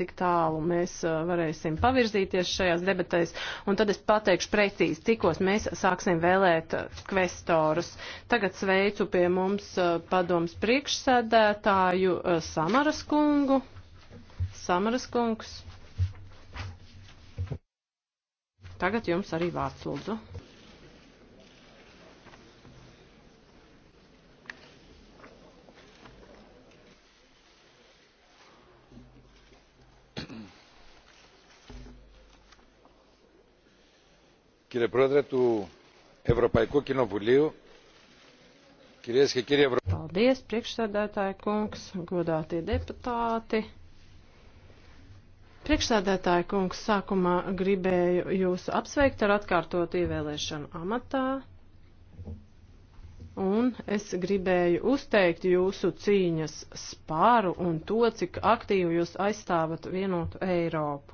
cik tālu mēs varēsim pavirzīties šajās debatēs, un tad es pateikšu precīzi, cikos mēs sāksim vēlēt kvestorus. Tagad sveicu pie mums padoms priekšsēdētāju Samaras kungu. Samaras kungs. Tagad jums arī vārds lūdzu. Κύριε Πρόεδρε του Ευρωπαϊκού Κοινοβουλίου, κυρίες και κύριοι Ευρωπαϊκοί. Paldies, priekšsēdētāji kungs, godātie deputāti. Priekšsēdētāji kungs, sākumā gribēju jūs apsveikt ar atkārtot ievēlēšanu amatā. Un es gribēju uzteikt jūsu cīņas spāru un to, cik aktīvi jūs aizstāvat vienotu Eiropu.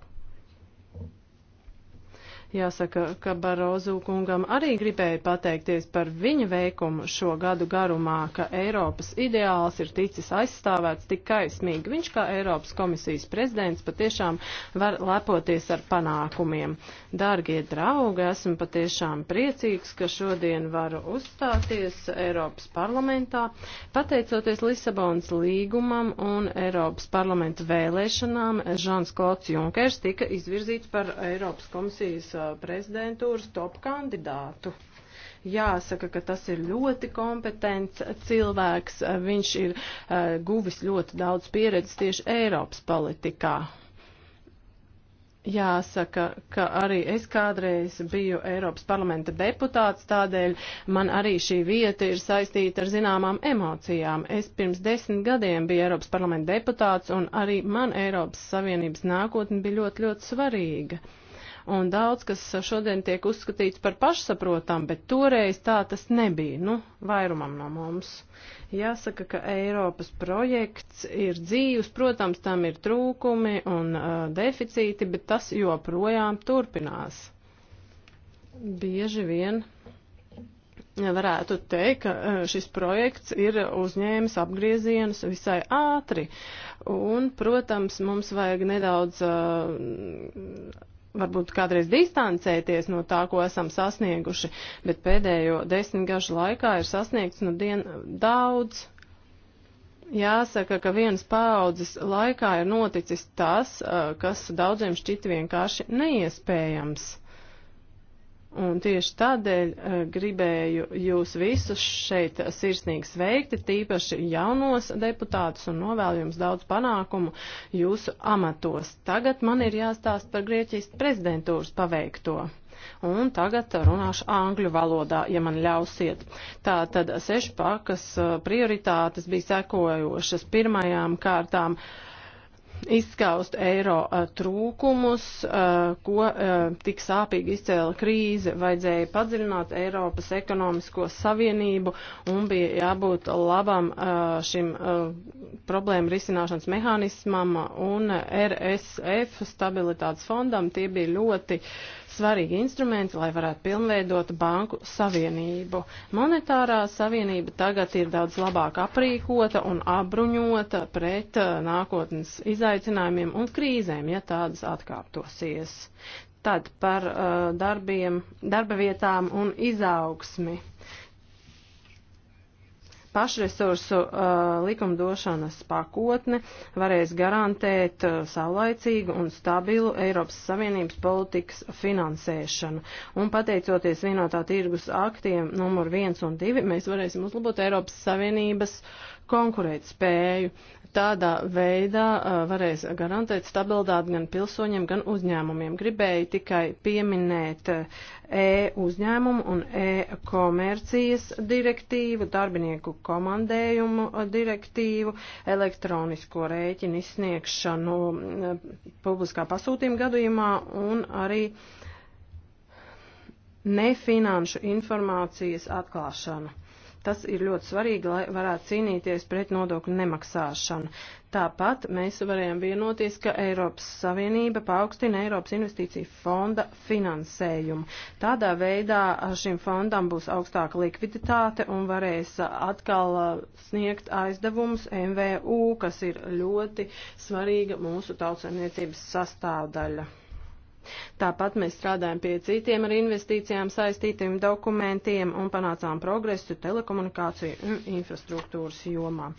Jāsaka, ka Barozu kungam arī gribēja pateikties par viņa veikumu šo gadu garumā, ka Eiropas ideāls ir ticis aizstāvēts tik kaismīgi. Viņš kā Eiropas komisijas prezidents patiešām var lepoties ar panākumiem. Dārgie draugi, esmu patiešām priecīgs, ka šodien varu uzstāties Eiropas parlamentā. Pateicoties Lisabonas līgumam un Eiropas parlamenta vēlēšanām, Žans Klots Junkers tika izvirzīts par Eiropas komisijas Uh, prezidentūras top kandidātu jāsaka, ka tas ir ļoti kompetents cilvēks. Uh, viņš ir uh, guvis ļoti daudz pieredzes tieši Eiropas politikā. Jāsaka, ka arī es kādreiz biju Eiropas parlamenta deputāts, tādēļ man arī šī vieta ir saistīta ar zināmām emocijām. Es pirms desmit gadiem biju Eiropas parlamenta deputāts, un arī man Eiropas Savienības nākotne bija ļoti, ļoti svarīga. Uh, un daudz, kas šodien tiek uzskatīts par pašsaprotam, bet toreiz tā tas nebija, nu, vairumam no mums. Jāsaka, ka Eiropas projekts ir dzīvs, protams, tam ir trūkumi un uh, deficīti, bet tas joprojām turpinās. Bieži vien varētu teikt, ka uh, šis projekts ir uzņēmis apgriezienus visai ātri. Un, protams, mums vajag nedaudz uh, varbūt kādreiz distancēties no tā, ko esam sasnieguši, bet pēdējo desmitgažu laikā ir sasniegts nu dien daudz. Jāsaka, ka vienas paaudzes laikā ir noticis tas, eh, kas daudziem šķita vienkārši neiespējams. Un tieši tādēļ uh, gribēju jūs visus šeit sirsnīgi sveikti, tīpaši jaunos deputātus un novēlu jums daudz panākumu jūsu amatos. Tagad man ir jāstāst par Grieķijas prezidentūras paveikto. Un tagad runāšu angļu valodā, ja man ļausiet. Tā tad sešpakas eh, prioritātes bija sekojošas pirmajām kārtām. Uh, izskaust eiro eh, trūkumus, eh, ko eh, tik sāpīgi izcēla krīze, vajadzēja padziļināt Eiropas ekonomisko savienību un bija jābūt labam šim problēmu risināšanas mehānismam un RSF stabilitātes fondam. Tie bija ļoti uh, svarīgi instrumenti, lai varētu pilnveidot banku savienību. Monetārā savienība tagad ir daudz labāk aprīkota un apbruņota pret eh, nākotnes izaicinājumiem un krīzēm, ja tādas atkārtosies. Tad par uh, darbiem, darba vietām un izaugsmi pašresursu uh, likumdošanas pakotne varēs garantēt uh, saulaicīgu un stabilu Eiropas Savienības politikas finansēšanu. Un pateicoties vienotā tirgus aktiem numur 1 un 2, mēs varēsim uzlabot Eiropas Savienības konkurētspēju. Tādā veidā varēs garantēt stabilitāti gan pilsoņiem, gan uzņēmumiem. Gribēju tikai pieminēt e-uzņēmumu un e-komercijas direktīvu, darbinieku komandējumu direktīvu, elektronisko rēķinu izsniegšanu publiskā pasūtījuma gadījumā un arī nefinanšu informācijas atklāšanu. Tas ir ļoti svarīgi, lai varētu cīnīties pret nodokļu nemaksāšanu. Tāpat mēs varējām vienoties, ka Eiropas Savienība paaugstina Eiropas investīciju fonda finansējumu. Tādā veidā šim fondam būs augstāka likviditāte un varēs atkal uh, sniegt aizdevumus MVU, kas ir ļoti svarīga mūsu tautsaimniecības sastāvdaļa. Tāpat mēs strādājam pie citiem ar investīcijām saistītiem dokumentiem un panācām progresu telekomunikāciju un infrastruktūras jomā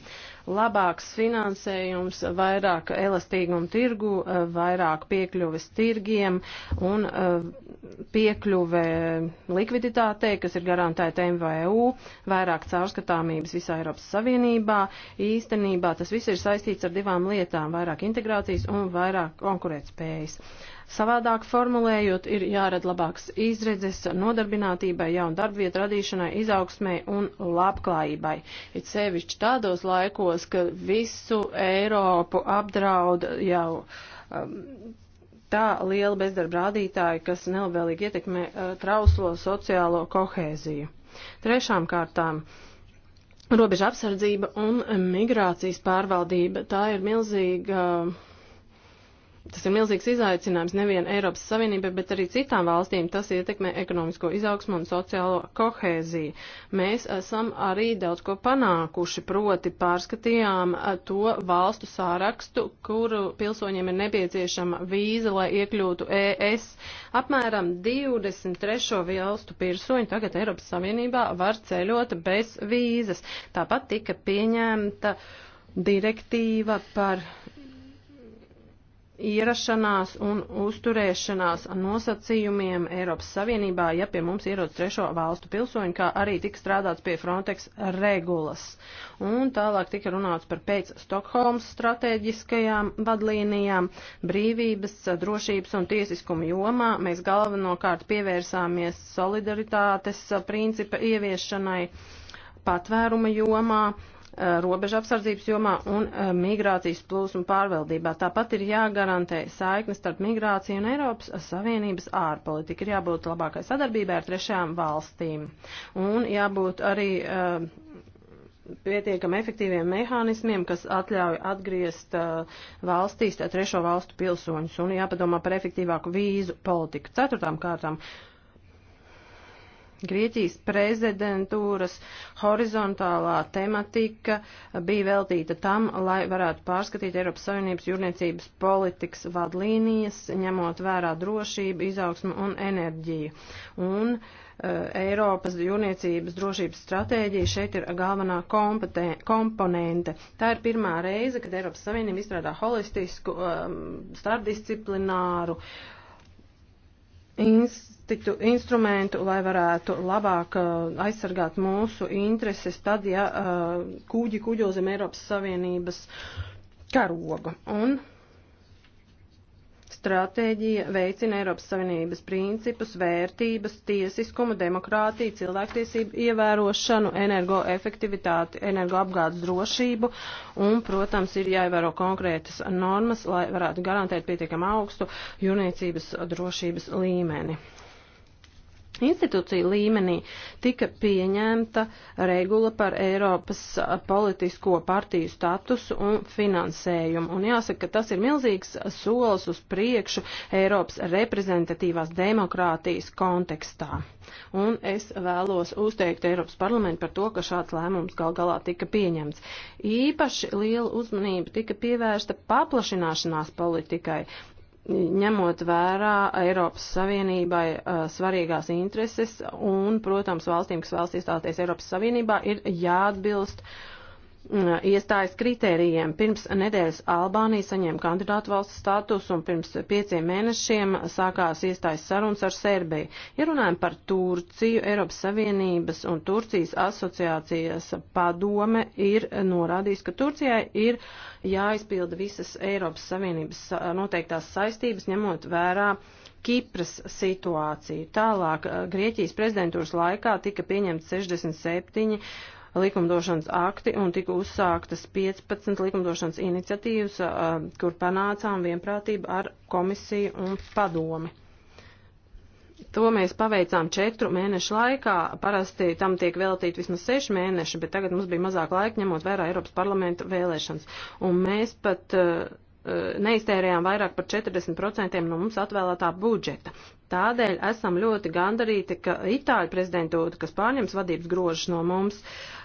labāks finansējums, vairāk elastīgumu tirgu, eh, vairāk piekļuves tirgiem un eh, piekļuve likviditātei, kas ir garantēta MVU, vairāk caurskatāmības visā Eiropas Savienībā. Īstenībā tas viss ir saistīts ar divām lietām - vairāk integrācijas un vairāk konkurētspējas. Savādāk formulējot, ir jārada labāks izredzes nodarbinātībai, jaunu darbvietu radīšanai, izaugsmē un labklājībai. It sevišķi tādos laikos, baidos, ka visu Eiropu apdraud jau um, tā liela bezdarba rādītāja, kas nelabvēlīgi ietekmē uh, trauslo sociālo kohēziju. Trešām kārtām. Robeža apsardzība un migrācijas pārvaldība. Tā ir milzīga uh, Tas ir milzīgs izaicinājums nevien Eiropas Savienībai, bet arī citām valstīm. Tas ietekmē ekonomisko izaugsmu un sociālo kohēziju. Mēs esam arī daudz ko panākuši, proti pārskatījām eh, to valstu sārakstu, kuru pilsoņiem ir nepieciešama vīza, lai iekļūtu ES. Apmēram 23 valstu pilsoņi tagad Eiropas Savienībā var ceļot bez vīzas. Tāpat tika pieņemta direktīva par ierašanās un uzturēšanās nosacījumiem Eiropas Savienībā, ja pie mums ierodas trešo valstu pilsoņi, kā arī tika strādāts pie Frontex regulas. Un tālāk tika runāts par pēc Stokholmas strateģiskajām vadlīnijām, brīvības, drošības un tiesiskuma jomā. Mēs galvenokārt pievērsāmies solidaritātes principa ieviešanai patvēruma jomā Eh, robeža apsardzības jomā un eh, migrācijas plūsmu pārvaldībā. Tāpat ir jāgarantē saiknes starp migrāciju un Eiropas Savienības ārpolitika. Ir jābūt labākai sadarbībai ar trešām valstīm un jābūt arī uh, pietiekami efektīviem mehānismiem, kas atļauj atgriezt uh, valstīs trešo valstu pilsoņus un jāpadomā par efektīvāku vīzu politiku. Ceturtām kārtām Grieķijas prezidentūras horizontālā tematika bija veltīta tam, lai varētu pārskatīt Eiropas Savienības jūrniecības politikas vadlīnijas, ņemot vērā drošību, izaugsmu un enerģiju. Un uh, Eiropas jūrniecības drošības stratēģija šeit ir galvenā komponente. Tā ir pirmā reize, kad Eiropas Savienība izstrādā holistisku, um, starpdisciplināru uh, institu, instrumentu, lai varētu labāk uh, aizsargāt mūsu intereses, tad, ja uh, kūģi kuģo zem Eiropas Savienības karoga. Un stratēģija veicina Eiropas Savienības principus, vērtības, tiesiskumu, demokrātiju, cilvēktiesību ievērošanu, energoefektivitāti, energoapgādes drošību un, protams, ir jāievēro konkrētas normas, lai varētu garantēt pietiekam augstu jūrniecības drošības līmeni institūciju līmenī tika pieņemta regula par Eiropas politisko partiju statusu un finansējumu. Un jāsaka, ka tas ir milzīgs solis uz priekšu Eiropas reprezentatīvās demokrātijas kontekstā. Un es vēlos uzteikt Eiropas parlamentu par to, ka šāds lēmums gal galā tika pieņemts. Īpaši liela uzmanība tika pievērsta paplašināšanās politikai ņemot vērā Eiropas Savienībai uh, svarīgās intereses un, protams, valstīm, kas vēlas iestāties Eiropas Savienībā, ir jāatbilst uh, iestājas kritērijiem. Pirms nedēļas Albānija saņēma kandidātu valsts status un pirms pieciem mēnešiem sākās iestājas sarunas ar Serbiju. Ja runājam par Turciju, Eiropas Savienības un Turcijas asociācijas padome ir norādījis, ka Turcijai ir jāizpilda visas Eiropas Savienības noteiktās saistības, ņemot vērā Kipras situāciju. Tālāk Grieķijas prezidentūras laikā tika pieņemts 67 likumdošanas akti un tika uzsāktas 15 likumdošanas iniciatīvas, kur panācām vienprātību ar komisiju un padomi. To mēs paveicām četru mēnešu laikā. Parasti tam tiek veltīti vismaz seši mēneši, bet tagad mums bija mazāk laika, ņemot vērā Eiropas parlamenta vēlēšanas. Un mēs pat uh, neiztērējām vairāk par 40% no mums atvēlētā budžeta. Tādēļ esam ļoti gandarīti, ka Itāļu prezidentūra, kas pārņems vadības grožus no mums,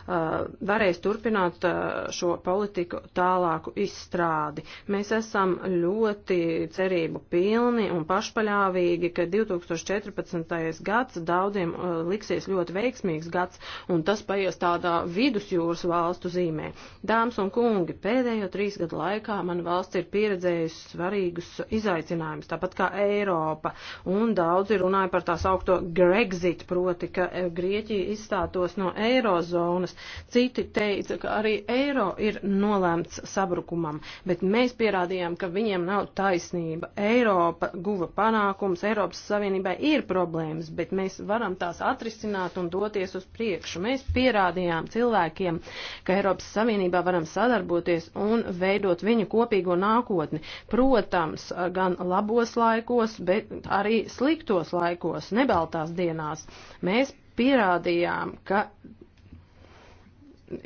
uh, varēs turpināt uh, šo politiku tālāku izstrādi. Mēs esam ļoti cerību pilni un pašpaļāvīgi, ka 2014. gads daudziem uh, liksies ļoti veiksmīgs gads, un tas paies tādā vidusjūras valstu zīmē. Dāmas un kungi, pēdējo trīs gadu laikā man valsts ir pieredzējusi svarīgus izaicinājumus, tāpat kā Eiropa, un daudzi runāja par tās augto Grexit, proti, ka eh, Grieķija izstātos no eirozonas. Citi teica, ka arī eiro ir nolēmts sabrukumam, bet mēs pierādījām, ka viņiem nav taisnība. Eiropa guva panākums, Eiropas Savienībai ir problēmas, bet mēs varam tās atrisināt un doties uz priekšu. Mēs pierādījām cilvēkiem, ka Eiropas Savienībā varam sadarboties un veidot viņu kopīgo nākotni. Protams, gan labos laikos, bet arī sliktos sliktos laikos, nebaltās dienās, mēs pierādījām, ka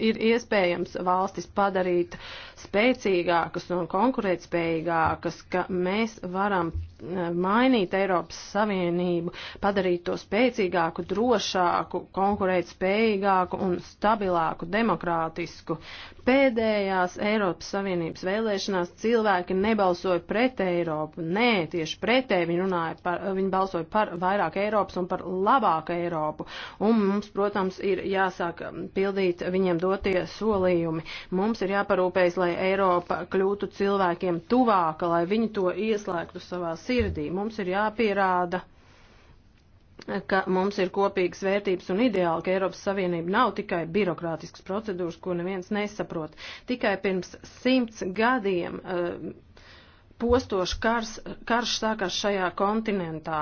ir iespējams valstis padarīt spēcīgākas un konkurētspējīgākas, ka mēs varam mainīt Eiropas Savienību, padarīt to spēcīgāku, drošāku, konkurētspējīgāku un stabilāku, demokrātisku. Pēdējās Eiropas Savienības vēlēšanās cilvēki nebalsoja pret Eiropu. Nē, tieši pretēji viņi runāja par, viņi balsoja par vairāk Eiropas un par labāku Eiropu. Un mums, protams, ir jāsāk pildīt viņiem dotie solījumi. Mums ir jāparūpējas, lai Eiropa kļūtu cilvēkiem tuvāka, lai viņi to ieslēgtu savās sirdī. Mums ir jāpierāda, ka mums ir kopīgas vērtības un ideāli, ka Eiropas Savienība nav tikai birokrātisks procedūras, ko neviens nesaprot. Tikai pirms simts gadiem. Uh, postošs kars, karš sākās šajā kontinentā,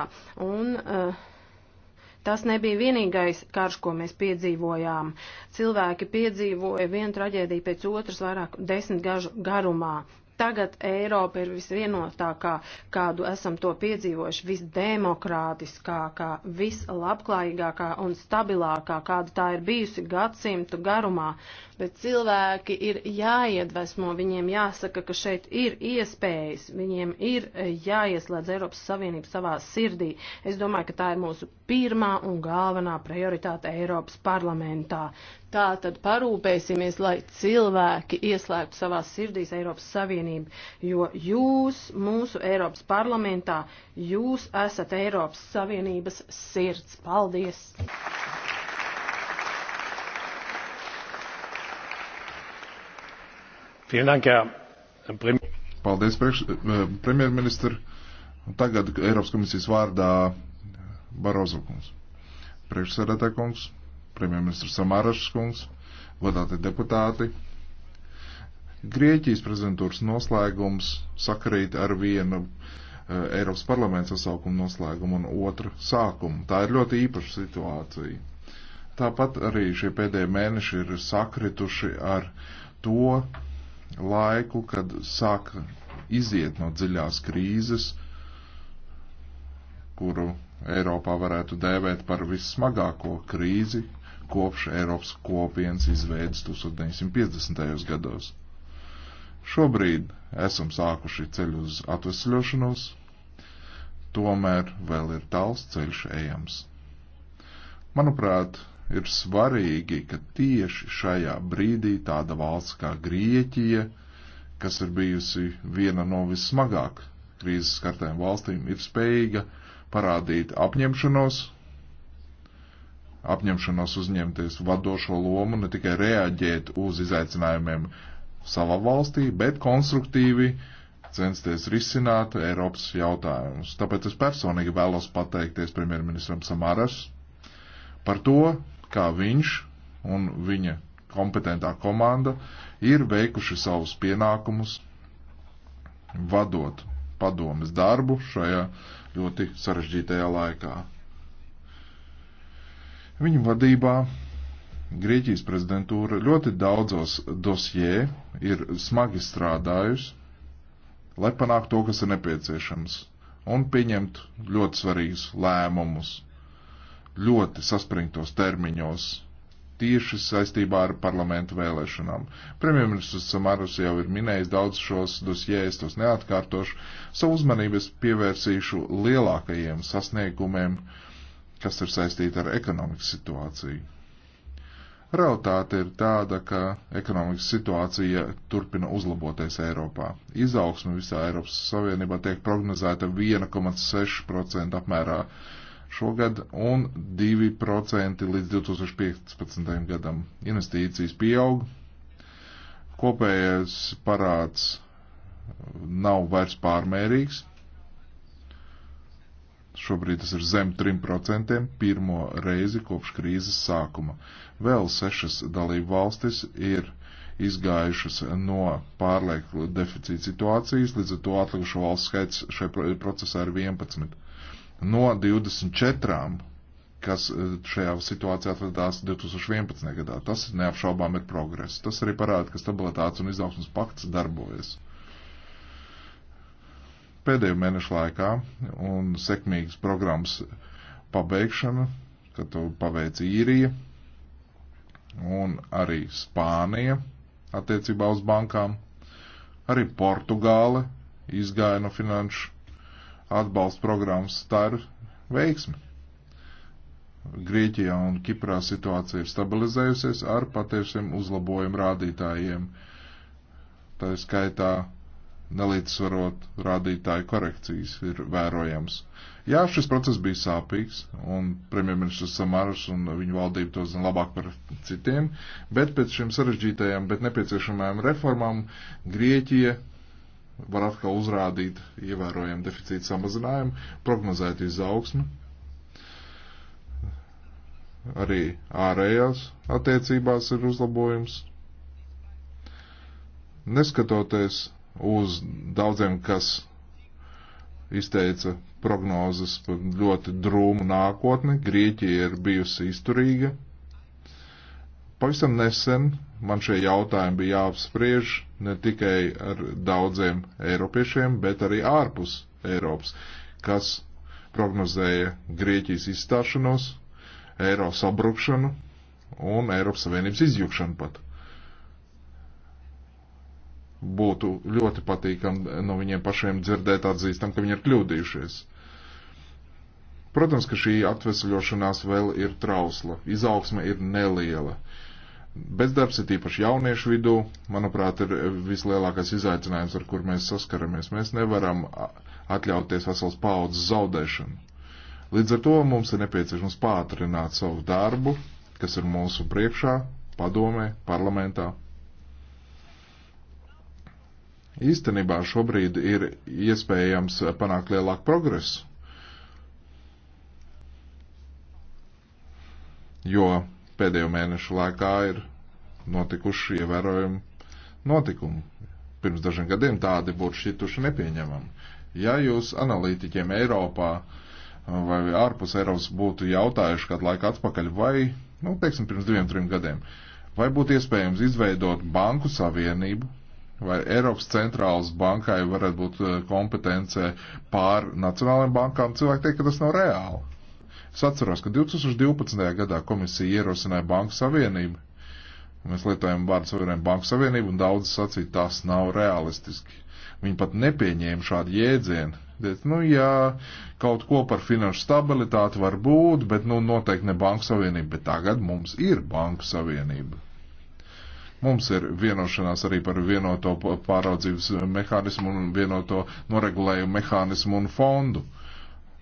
un uh, tas nebija vienīgais karš, ko mēs piedzīvojām. Cilvēki piedzīvoja vienu traģēdiju pēc otras vairāk desmit gažu garumā. Tagad Eiropa ir visvienotākā, kādu esam to piedzīvojuši, visdemokrātiskākā, vislabklājīgākā un stabilākā, kāda tā ir bijusi gadsimtu garumā. Bet cilvēki ir jāiedvesmo, viņiem jāsaka, ka šeit ir iespējas, viņiem ir jāieslēdz Eiropas Savienība savā sirdī. Es domāju, ka tā ir mūsu pirmā un galvenā prioritāte Eiropas parlamentā. Tā tad parūpēsimies, lai cilvēki ieslēgtu savās sirdīs Eiropas Savienību, jo jūs mūsu Eiropas parlamentā, jūs esat Eiropas Savienības sirds. Paldies! Äh, Paldies, priekš, äh, premjerministra. Tagad Eiropas komisijas vārdā Barozokums. Priekšsēdētāj kungs premjerministrs Samārašs kungs, vadāti deputāti. Grieķijas prezidentūras noslēgums sakarīt ar vienu eh, Eiropas parlamenta sasaukumu noslēgumu un otru sākumu. Tā ir ļoti īpaša situācija. Tāpat arī šie pēdējie mēneši ir sakrituši ar to laiku, kad sāk iziet no dziļās krīzes, kuru Eiropā varētu dēvēt par vissmagāko krīzi kopš Eiropas kopienas izveidas 1950. gados. Šobrīd esam sākuši ceļu uz atvesļošanos, tomēr vēl ir tāls ceļš ejams. Manuprāt, ir svarīgi, ka tieši šajā brīdī tāda valsts kā Grieķija, kas ir bijusi viena no vissmagāk krīzes skartēm valstīm, ir spējīga parādīt apņemšanos apņemšanos uzņemties vadošo lomu, ne tikai reaģēt uz izaicinājumiem savā valstī, bet konstruktīvi censties risināt Eiropas jautājumus. Tāpēc es personīgi vēlos pateikties premjerministram Samaras par to, kā viņš un viņa kompetentā komanda ir veikuši savus pienākumus vadot padomas darbu šajā ļoti sarežģītajā laikā. Viņa vadībā Grieķijas prezidentūra ļoti daudzos dosjē ir smagi strādājusi, lai panāktu to, kas ir nepieciešams, un pieņemt ļoti svarīgus lēmumus, ļoti saspringtos termiņos, tieši saistībā ar parlamentu vēlēšanām. Premjerministrs Samarus jau ir minējis daudz šos dosjē, es tos neatkārtošu, savu uzmanību es pievērsīšu lielākajiem sasniegumiem, uh, kas ir saistīta ar ekonomikas situāciju. Realtāte ir tāda, ka ekonomikas situācija turpina uzlaboties Eiropā. Izaugsme visā Eiropas Savienībā tiek prognozēta 1,6% apmērā šogad un 2% līdz 2015. gadam. Investīcijas pieaug, kopējais parāds nav vairs pārmērīgs, Šobrīd tas ir zem 3% pirmo reizi kopš krīzes sākuma. Vēl sešas dalību valstis ir izgājušas no pārlieku deficīta situācijas, līdz ar to atlikušo valsts skaits šajā procesā ir 11. No 24, kas e, šajā situācijā atradās 2011. gadā. Tas neapšaubām ir progress. Tas arī parāda, ka stabilitātes un izaugsmas pakts darbojas pēdējo mēnešu laikā un sekmīgas programmas pabeigšana, kad to paveica īrija un arī Spānija attiecībā uz bankām, arī Portugāle izgāja no finanšu atbalsta programmas, tā ir veiksme. Grieķijā un Kiprā situācija ir stabilizējusies ar patiešiem uzlabojumu rādītājiem. Tā ir skaitā nelīdzsvarot rādītāju korekcijas ir vērojams. Jā, šis process bija sāpīgs, un premjerministrs Samaras un viņa valdība to zina labāk par citiem, bet pēc šiem sarežģītajām, bet nepieciešamajām reformām Grieķija var atkal uzrādīt ievērojamu deficītu samazinājumu, prognozēt izaugsmi, arī ārējās attiecībās ir uzlabojums. Neskatoties uz daudziem, kas izteica prognozes par ļoti drūmu nākotni. Grieķija ir bijusi izturīga. Pavisam nesen man šie jautājumi bija jāapspriež ne tikai ar daudziem eiropiešiem, bet arī ārpus Eiropas, kas prognozēja Grieķijas izstāšanos, eiro sabrukšanu un Eiropas Savienības izjukšanu pat. Būtu ļoti patīkami no viņiem pašiem dzirdēt atzīstam, ka viņi ir kļūdījušies. Protams, ka šī atvesļošanās vēl ir trausla, izaugsme ir neliela. Bezdarbs ir īpaši jauniešu vidū, manuprāt, ir vislielākais izaicinājums, ar kur mēs saskaramies. Mēs nevaram atļauties vesels paudzes zaudēšanu. Līdz ar to mums ir nepieciešams pātrināt savu darbu, kas ir mūsu priekšā, padomē, parlamentā, īstenībā šobrīd ir iespējams panākt lielāku progresu. Jo pēdējo mēnešu laikā ir notikuši ievērojami notikumi. Pirms dažiem gadiem tādi būtu šituši nepieņemami. Ja jūs analītiķiem Eiropā vai ārpus Eiropas būtu jautājuši kādu laiku atpakaļ vai, nu, teiksim, pirms diviem, trim gadiem, vai būtu iespējams izveidot banku savienību, vai Eiropas centrālas bankai varētu būt eh, kompetence pār nacionālajām bankām, cilvēki teikt, ka tas nav reāli. Es atceros, ka 2012. gadā komisija ierosināja Banku Savienību. Mēs lietojam vārdu savienojumu Banku Savienību, un daudzi sacīja, tas nav realistiski. Viņi pat nepieņēma šādu jēdzienu. Bet, nu, jā, kaut ko par finanšu stabilitāti var būt, bet, nu, noteikti ne Banku Savienība, bet tagad mums ir Banku Savienība. Mums ir vienošanās arī par vienoto pāraudzības mehānismu un vienoto noregulējumu mehānismu un fondu.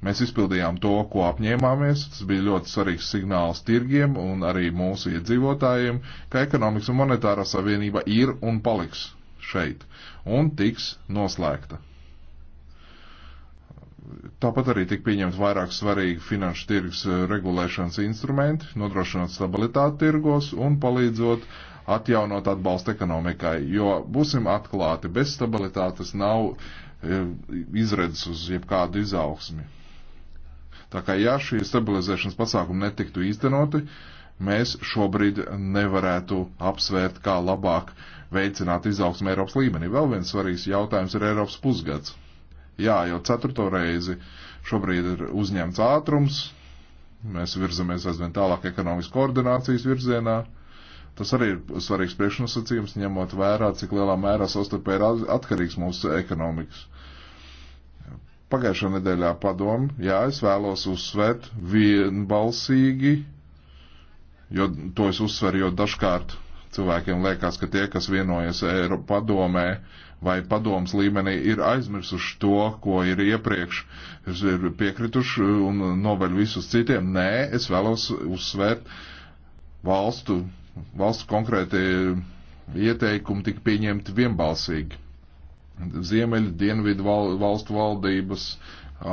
Mēs izpildījām to, ko apņēmāmies. Tas bija ļoti svarīgs signāls tirgiem un arī mūsu iedzīvotājiem, ka ekonomikas un monetārā savienība ir un paliks šeit un tiks noslēgta. Tāpat arī tika pieņemts vairāk svarīgi finanšu tirgus eh, regulēšanas instrumenti, nodrošinot stabilitāti tirgos un palīdzot uh, atjaunot atbalstu ekonomikai, jo būsim atklāti, bez stabilitātes nav e, izredzes uz jebkādu izaugsmi. Tā kā ja šie stabilizēšanas pasākumi netiktu īstenoti, mēs šobrīd nevarētu apsvērt, kā labāk veicināt izaugsmu Eiropas līmenī. Vēl viens svarīgs jautājums ir Eiropas pusgads. Jā, jau ceturto reizi šobrīd ir uzņemts ātrums, mēs virzamies aizvien tālāk ekonomikas koordinācijas virzienā. Tas arī ir svarīgs priekšnosacījums, ņemot vērā, cik lielā mērā sastarpē ir atkarīgs mūsu ekonomikas. Pagājušā nedēļā padomu, jā, es vēlos uzsvērt vienbalsīgi, jo to es uzsveru, jo dažkārt cilvēkiem liekas, ka tie, kas vienojas Eiropa padomē, vai padomas līmenī ir aizmirsuši to, ko ir iepriekš ir piekrituši un noveļ visus citiem. Nē, es vēlos uzsvērt valstu valsts konkrēti ieteikumi tika pieņemti vienbalsīgi. Ziemeļu, dienvidu val, valstu valdības,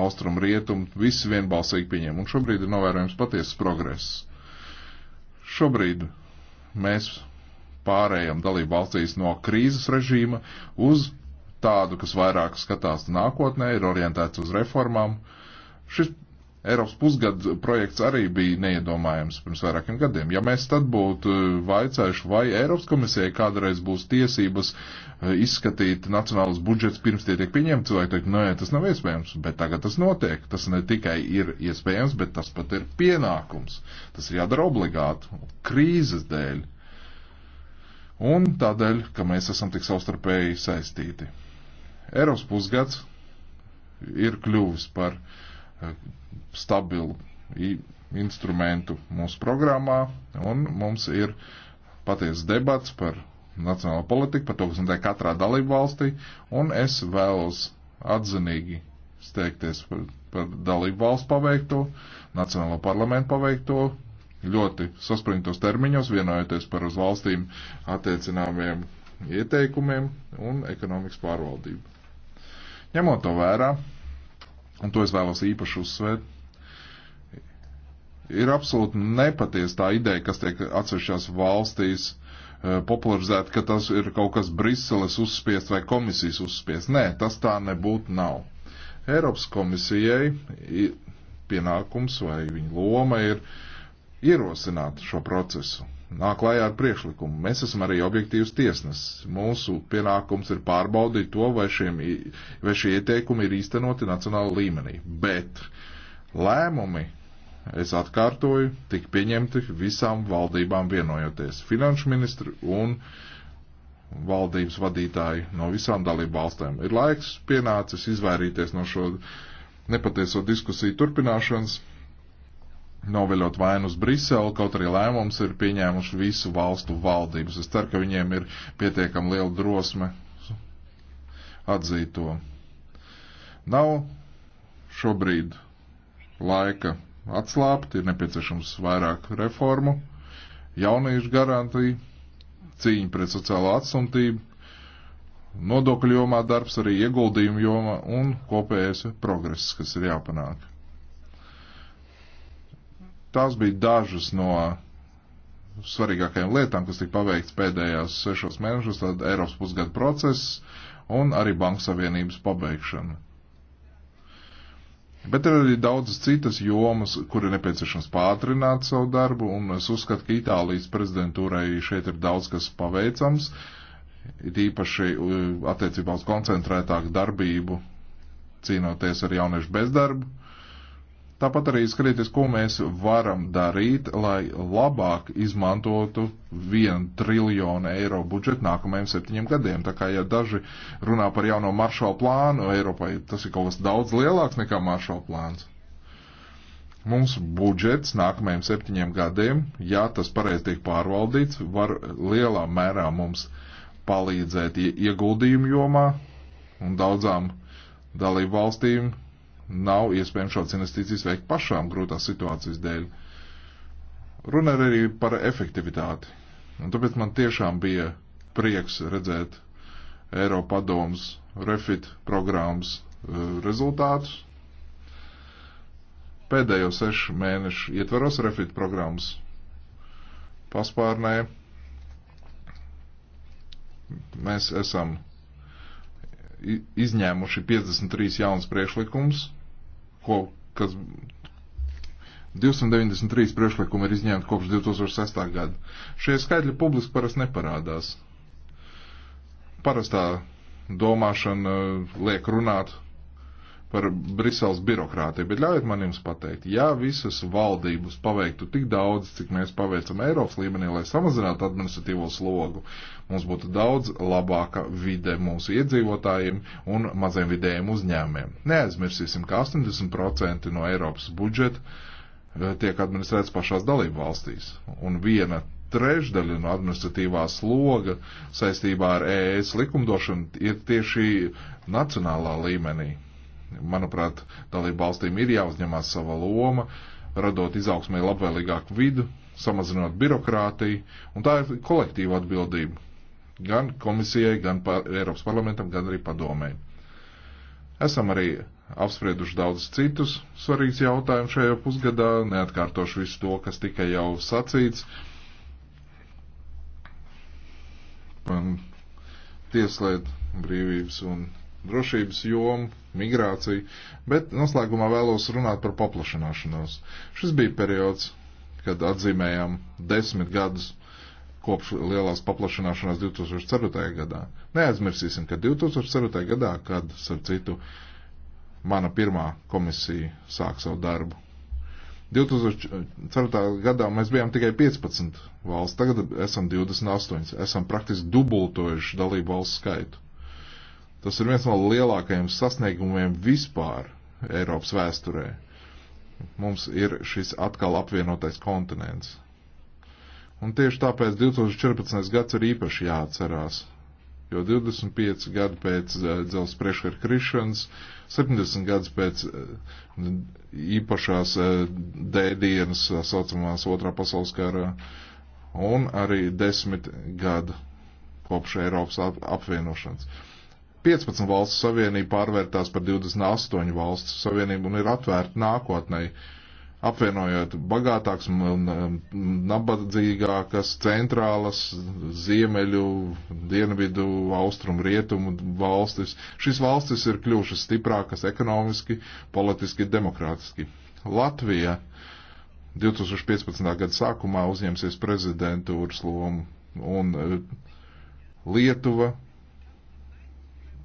austrumu, rietumu, visi vienbalsīgi pieņem. Un šobrīd ir novērojams patiesas progress. Šobrīd mēs pārējām dalību valstīs no krīzes režīma uz tādu, kas vairāk skatās nākotnē, ir orientēts uz reformām. Šis Eiropas pusgadu projekts arī bija neiedomājams pirms vairākiem gadiem. Ja mēs tad būtu e, vaicājuši, vai Eiropas komisijai kādreiz būs tiesības e, izskatīt nacionālus budžets pirms tie tiek pieņemti, cilvēki teikt, nē, tas nav iespējams, bet tagad tas notiek. Tas ne tikai ir iespējams, bet tas pat ir pienākums. Tas ir jādara obligāti krīzes dēļ. Un tādēļ, ka mēs esam tik savstarpēji saistīti. Eiropas pusgads ir kļuvis par uh, Eh, stabilu instrumentu mūsu programmā, un mums ir patiesa debats par nacionālo politiku, par to, kas notiek katrā dalību valstī, un es vēlos atzinīgi steigties par, par dalību valstu paveikto, nacionālo parlamentu paveikto, ļoti saspringtos termiņos, vienojoties par uz valstīm attiecināmiem ieteikumiem un ekonomikas pārvaldību. Ņemot to vērā, un to es vēlos īpaši uzsvērt, ir absolūti nepaties tā ideja, kas tiek atsevišķās valstīs e, popularizēta, ka tas ir kaut kas Briseles uzspiest vai komisijas uzspiest. Nē, tas tā nebūtu nav. Eiropas komisijai pienākums vai viņa loma ir ierosināt šo procesu nāk klajā ar priekšlikumu. Mēs esam arī objektīvs tiesnesis. Mūsu pienākums ir pārbaudīt to, vai, šiem, vai šie ieteikumi ir īstenoti nacionāla līmenī. Bet lēmumi, es atkārtoju, tika pieņemti visām valdībām vienojoties. Finanšu ministri un valdības vadītāji no visām dalību valstēm. Ir laiks pienācis izvairīties no šo nepatieso diskusiju turpināšanas noveļot vainu uz Briselu, kaut arī lēmums ir pieņēmuši visu valstu valdības. Es ceru, ka viņiem ir pietiekami liela drosme atzīt to. Nav šobrīd laika atslābt, ir nepieciešams vairāk reformu, jauniešu garantija, cīņa pret sociālo atsumtību, nodokļu jomā darbs, arī ieguldījumu jomā un kopējais progress, kas ir jāpanāk. Tās bija dažas no svarīgākajām lietām, kas tika paveikts pēdējās sešos mēnešos, tad Eiropas pusgada process un arī Banka Savienības pabeigšana. Bet ir arī daudzas citas jomas, kur ir nepieciešams pātrināt savu darbu, un es uzskatu, ka Itālijas prezidentūrai šeit ir daudz kas paveicams, it īpaši uh, attiecībā uz koncentrētāku darbību, cīnoties ar jauniešu bezdarbu Tāpat arī skatieties, ko mēs varam darīt, lai labāk izmantotu 1 triljonu eiro budžetu nākamajiem septiņiem gadiem. Tā kā ja daži runā par jauno maršalu plānu Eiropai, tas ir kaut kas daudz lielāks nekā maršalu plāns. Mums budžets nākamajiem septiņiem gadiem, ja tas pareizi tiek pārvaldīts, var lielā mērā mums palīdzēt ieguldījumu jomā un daudzām dalību valstīm nav iespējams šādas investīcijas veikt pašām grūtās situācijas dēļ. Runa ir arī par efektivitāti. Un tāpēc man tiešām bija prieks redzēt Eiropadoms refit programmas eh, rezultātus. Pēdējo sešu mēnešu ietveros refit programmas paspārnē. Mēs esam izņēmuši 53 jaunas priekšlikums, ko, kas 293 priekšlikumi ir izņemti kopš 2006. gada. Šie skaitļi publiski parasti neparādās. Parastā domāšana eh, liek runāt par Briseles birokrātiju, bet ļaujiet man jums pateikt, ja visas valdības paveiktu tik daudz, cik mēs paveicam Eiropas līmenī, lai samazinātu administratīvo slogu, mums būtu daudz labāka vide mūsu iedzīvotājiem un maziem vidējiem uzņēmiem. Neaizmirsīsim, ka 80% no Eiropas budžeta eh, tiek administrēts pašās dalību valstīs, un viena trešdaļa no administratīvā sloga saistībā ar ES likumdošanu ir tieši nacionālā līmenī. Manuprāt, dalību valstīm ir jāuzņemās sava loma, radot izaugsmē labvēlīgāku vidu, samazinot birokrātiju, un tā ir kolektīva atbildība gan komisijai, gan par Eiropas parlamentam, gan arī padomēji. Esam arī apsprieduši daudz citus svarīgus jautājumus šajā pusgadā, neatkārtošu visu to, kas tikai jau sacīts. Man tieslietu brīvības un drošības jomu, migrāciju, bet noslēgumā vēlos runāt par paplašanāšanos. Šis bija periods, kad atzīmējām desmit gadus kopš lielās paplašanāšanās 2004. gadā. Neaizmirsīsim, ka 2004. gadā, kad, starp citu, mana pirmā komisija sāk savu darbu, 2004. gadā mēs bijām tikai 15 valsts, tagad esam 28, esam praktiski dubultojuši dalību valsts skaitu. Tas ir viens no lielākajiem sasniegumiem vispār Eiropas vēsturē. Mums ir šis atkal apvienotais kontinents. Un tieši tāpēc 2014. gads ir īpaši jāatcerās, jo 25 gadi pēc eh, dzelzs priekškara krišanas, 70 gadus pēc eh, īpašās eh, dēdienas, saucamās otrā pasaules kara, un arī 10 gadu kopš Eiropas apvienošanas. 15 valstu savienība pārvērtās par 28 valstu savienību un ir atvērta nākotnē, apvienojot bagātākas un nabadzīgākas centrālas, ziemeļu, dienvidu, austrumu, rietumu valstis. Šīs valstis ir kļuvušas stiprākas ekonomiski, politiski, demokrātiski. Latvija 2015. gada sākumā uzņemsies prezidentūras lomu un e, Lietuva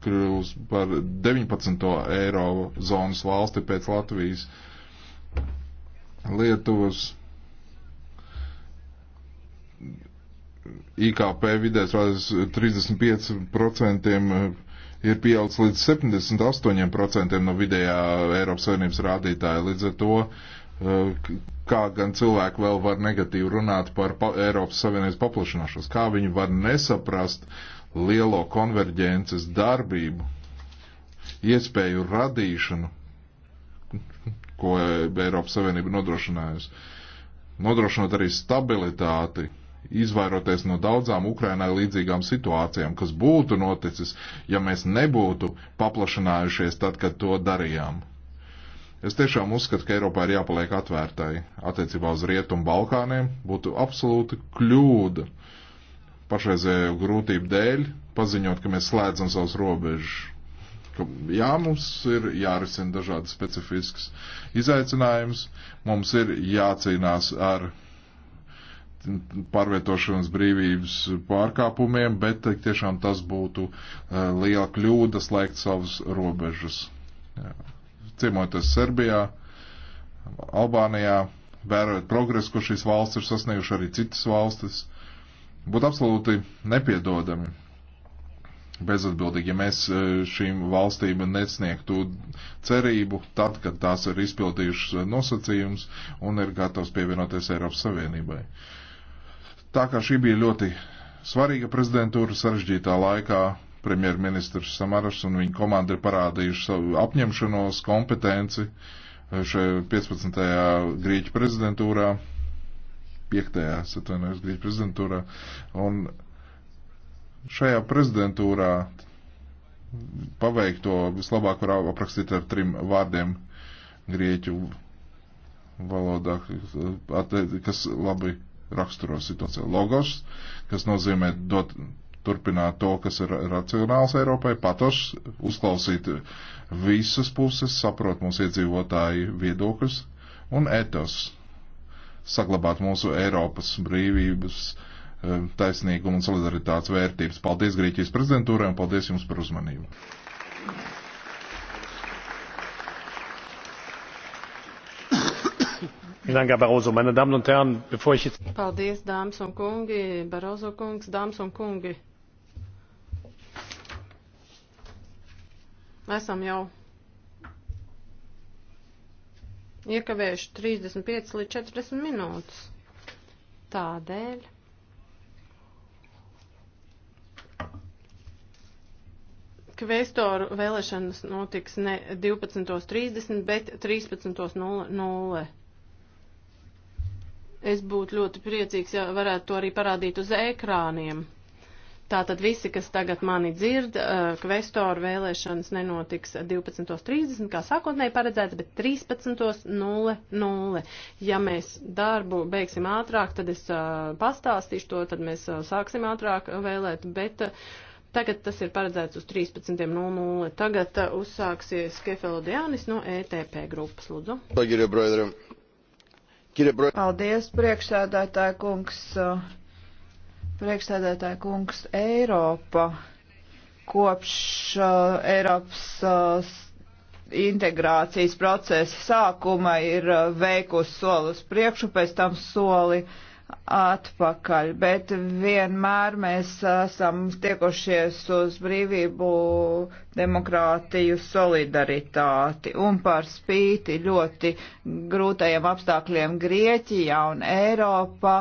kļūs par 19. eiro zonas valsti pēc Latvijas. Lietuvas IKP vidēs rādās 35% ir pieaudzis līdz 78% no vidējā Eiropas Savienības rādītāja. Līdz ar to, eh, kā gan cilvēki vēl var negatīvi runāt par Eiropas Savienības paplašanāšanos, kā viņi var nesaprast uh, lielo konverģences darbību, iespēju radīšanu, ko Eiropas Savienība nodrošinājusi, nodrošinot arī stabilitāti, izvairoties no daudzām Ukrainai līdzīgām situācijām, kas būtu noticis, ja mēs nebūtu paplašinājušies tad, kad to darījām. Es tiešām uzskatu, ka Eiropā ir jāpaliek atvērtai attiecībā uz Rietumu Balkāniem. Būtu absolūti kļūda pašreizējo grūtību dēļ paziņot, ka mēs slēdzam savus robežus. Jā, mums ir jārisina dažādi specifisks izaicinājums, mums ir jācīnās ar pārvietošanas brīvības pārkāpumiem, bet tiešām tas būtu eh, liela kļūda slēgt savus robežus. Ciemoties Serbijā, Albānijā, vērojot progresu, ko šīs valsts ir sasnieguši arī citas valstis. Uh, Būtu absolūti nepiedodami bezatbildīgi, ja mēs e, šīm valstīm nesniegtu cerību tad, kad tās ir izpildījušas nosacījumus un ir gatavs pievienoties Eiropas Savienībai. Tā kā šī bija ļoti svarīga prezidentūra sarežģītā laikā, premjerministrs Samaras un viņa komanda ir parādījuši savu apņemšanos, kompetenci e, šajā 15. Grieķu prezidentūrā piektajā, atvainojos, Grieķijas prezidentūrā. Un šajā prezidentūrā paveikto vislabāk var aprakstīt ar trim vārdiem Grieķu valodā, kas labi raksturo situāciju. Logos, kas nozīmē dot, turpināt to, kas ir racionāls Eiropai, patošs, uzklausīt visas puses, saprot mūsu iedzīvotāju viedokļus un etos, saglabāt mūsu Eiropas brīvības, eh, taisnīgumu un solidaritātes vērtības. Paldies Grieķijas prezidentūrai un paldies jums par uzmanību. Paldies, dāmas un kungi, Barozo kungs, dāmas un kungi. Esam jau iekavējuši 35 līdz 40 minūtes. Tādēļ. Kvestoru vēlēšanas notiks ne 12.30, bet 13.00. Es būtu ļoti priecīgs, ja varētu to arī parādīt uz ekrāniem. Tātad visi, kas tagad mani dzird, eh, kvestoru vēlēšanas nenotiks 12.30, kā sākotnēji paredzēts, bet 13.00. Ja mēs darbu beigsim ātrāk, tad es eh, pastāstīšu to, tad mēs eh, sāksim ātrāk vēlēt, bet tagad tas ir paredzēts uz 13.00. Tagad uzsāksies Kefelodianis no ETP grupas, lūdzu. Paldies, priekšsēdētāja kungs. Priekšsēdētāja kungs, Eiropa kopš uh, Eiropas uh, integrācijas procesa sākuma ir uh, veikusi soli uz priekšu, pēc tam soli atpakaļ, bet vienmēr mēs esam tiekošies uz brīvību, demokrātiju, solidaritāti. Un par spīti ļoti grūtajiem apstākļiem Grieķijā un Eiropā,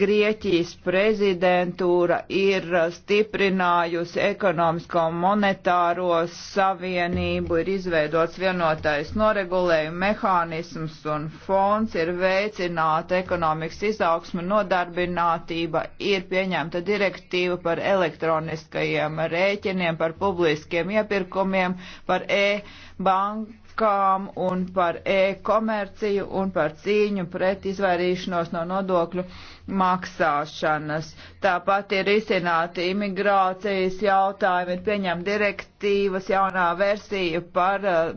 Grieķijas prezidentūra ir stiprinājusi ekonomisko un monetāro savienību, ir izveidots vienotais noregulējuma mehānisms un fonds, ir veicināta ekonomikas izaugsme izaugsmu nodarbinātība ir pieņemta direktīva par elektroniskajiem rēķiniem, par publiskiem iepirkumiem, par e-bankām un par e-komerciju un par cīņu pret izvairīšanos no nodokļu maksāšanas. Tāpat ir izcināti imigrācijas jautājumi, ir pieņemta direktīvas jaunā versija par eh,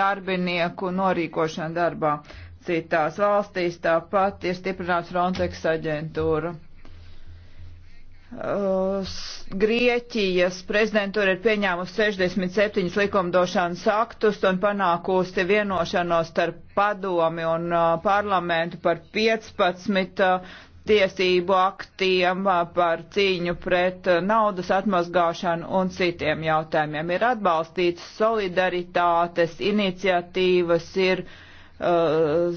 darbinieku norīkošanu darbā citās valstīs, tāpat ir stiprināts Frontex aģentūra. Grieķijas prezidentūra ir pieņēmusi 67 likumdošanas aktus un panākusi vienošanos starp padomi un uh, parlamentu par 15 uh, tiesību aktiem, uh, par cīņu pret naudas atmazgāšanu un citiem jautājumiem. Ir atbalstīts solidaritātes iniciatīvas, ir uh, uh,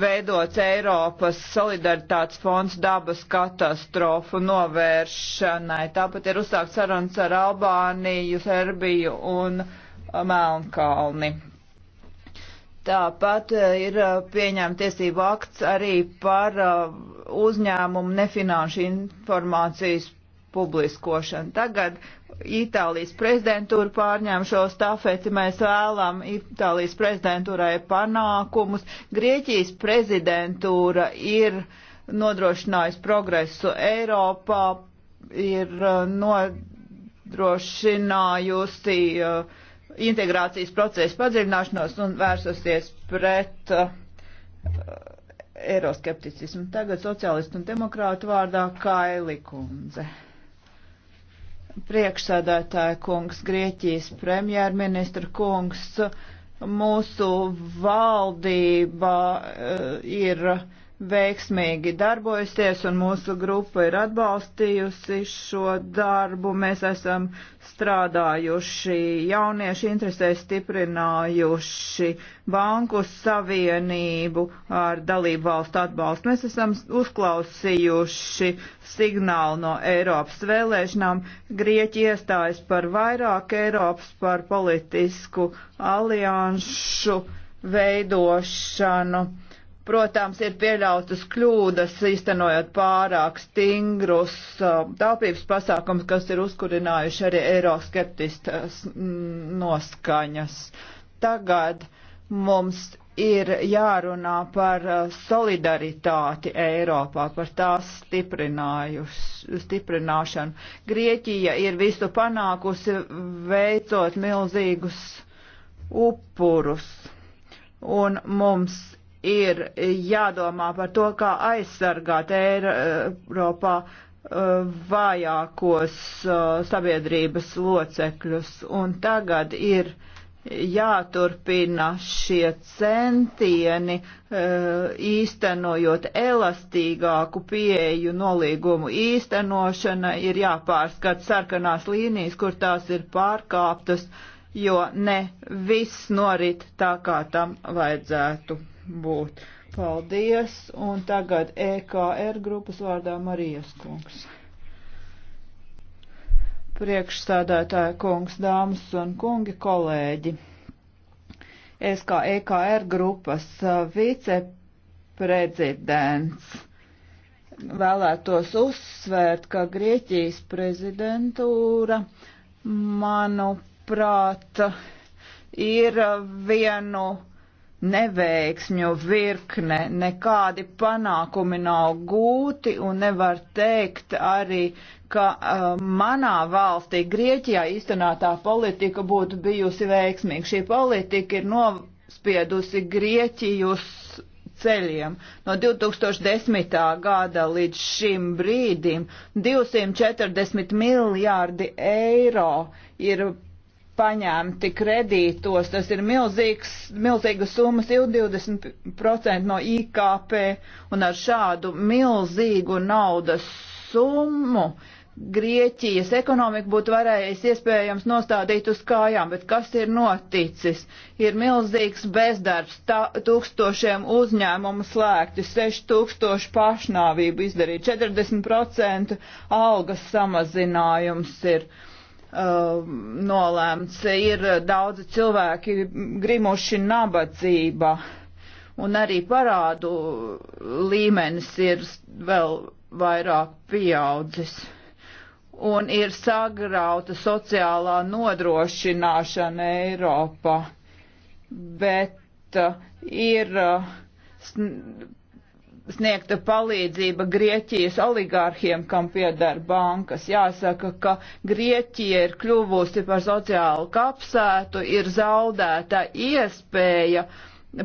veidots Eiropas solidaritātes fonds dabas katastrofu novēršanai. Tāpat ir uzsākt sarunas ar Albāniju, Serbiju un uh, Melnkalni. Tāpat uh, ir uh, pieņemta tiesību akts arī par uzņēmumu nefinanšu informācijas publiskošanu. Tagad Itālijas prezidentūra pārņēma šo stafeti, mēs vēlam Itālijas prezidentūrai panākumus. Grieķijas prezidentūra ir nodrošinājusi progresu Eiropā, ir uh, nodrošinājusi uh, integrācijas procesu padziļināšanos un vērsusies pret uh, eiroskepticismu. Tagad sociālistu un demokrātu vārdā Kaili Kundze priekšsēdētāja kungs, Grieķijas premjerministra kungs, mūsu valdība eh, ir veiksmīgi darbojusies un mūsu grupa ir atbalstījusi šo darbu. Mēs esam strādājuši jaunieši interesēs stiprinājuši banku savienību ar dalību valstu atbalstu. Mēs esam uzklausījuši signālu no Eiropas vēlēšanām. Grieķi iestājas par vairāk Eiropas, par politisku alianšu veidošanu Protams, ir pieļautas kļūdas, īstenojot pārāk stingrus uh, taupības pasākums, kas ir uzkurinājuši arī eiroskeptistas mm, noskaņas. Tagad mums ir jārunā par uh, solidaritāti Eiropā, par tās stiprināšanu. Grieķija ir visu panākusi, veicot milzīgus upurus. Un mums ir jādomā par to, kā aizsargāt Eiropā eh, vājākos eh, sabiedrības locekļus. Un tagad ir jāturpina šie centieni, eh, īstenojot elastīgāku pieeju nolīgumu īstenošana, ir jāpārskat sarkanās līnijas, kur tās ir pārkāptas, jo ne viss norit tā, kā tam vajadzētu būt. Paldies, un tagad EKR grupas vārdā Marijas kungs. Priekšsādātāja kungs, dāmas un kungi, kolēģi. Es kā EKR grupas viceprezidents vēlētos uzsvērt, ka Grieķijas prezidentūra, manuprāt, ir vienu neveiksmju virkne, nekādi panākumi nav gūti un nevar teikt arī, ka uh, manā valstī Grieķijā īstenotā politika būtu bijusi veiksmīga. Šī politika ir nospiedusi Grieķijus ceļiem. No 2010. gada līdz šim brīdim 240 miljārdi eiro ir paņemti kredītos. Tas ir milzīgs, milzīga summa, 20% no IKP, un ar šādu milzīgu naudas summu Grieķijas ekonomika būtu varējis iespējams nostādīt uz kājām, bet kas ir noticis? Ir milzīgs bezdarbs, tā, tūkstošiem uzņēmumu slēgti, 6000 pašnāvību izdarīt, 40% algas samazinājums ir. Uh, Um, nolēmts. Ir daudzi cilvēki grimuši nabadzība, un arī parādu līmenis ir vēl vairāk pieaudzis. Un ir sagrauta sociālā nodrošināšana Eiropā, bet uh, ir uh, sniegta palīdzība Grieķijas oligārhiem, kam piedara bankas. Jāsaka, ka Grieķija ir kļuvusi par sociālu kapsētu, ir zaudēta iespēja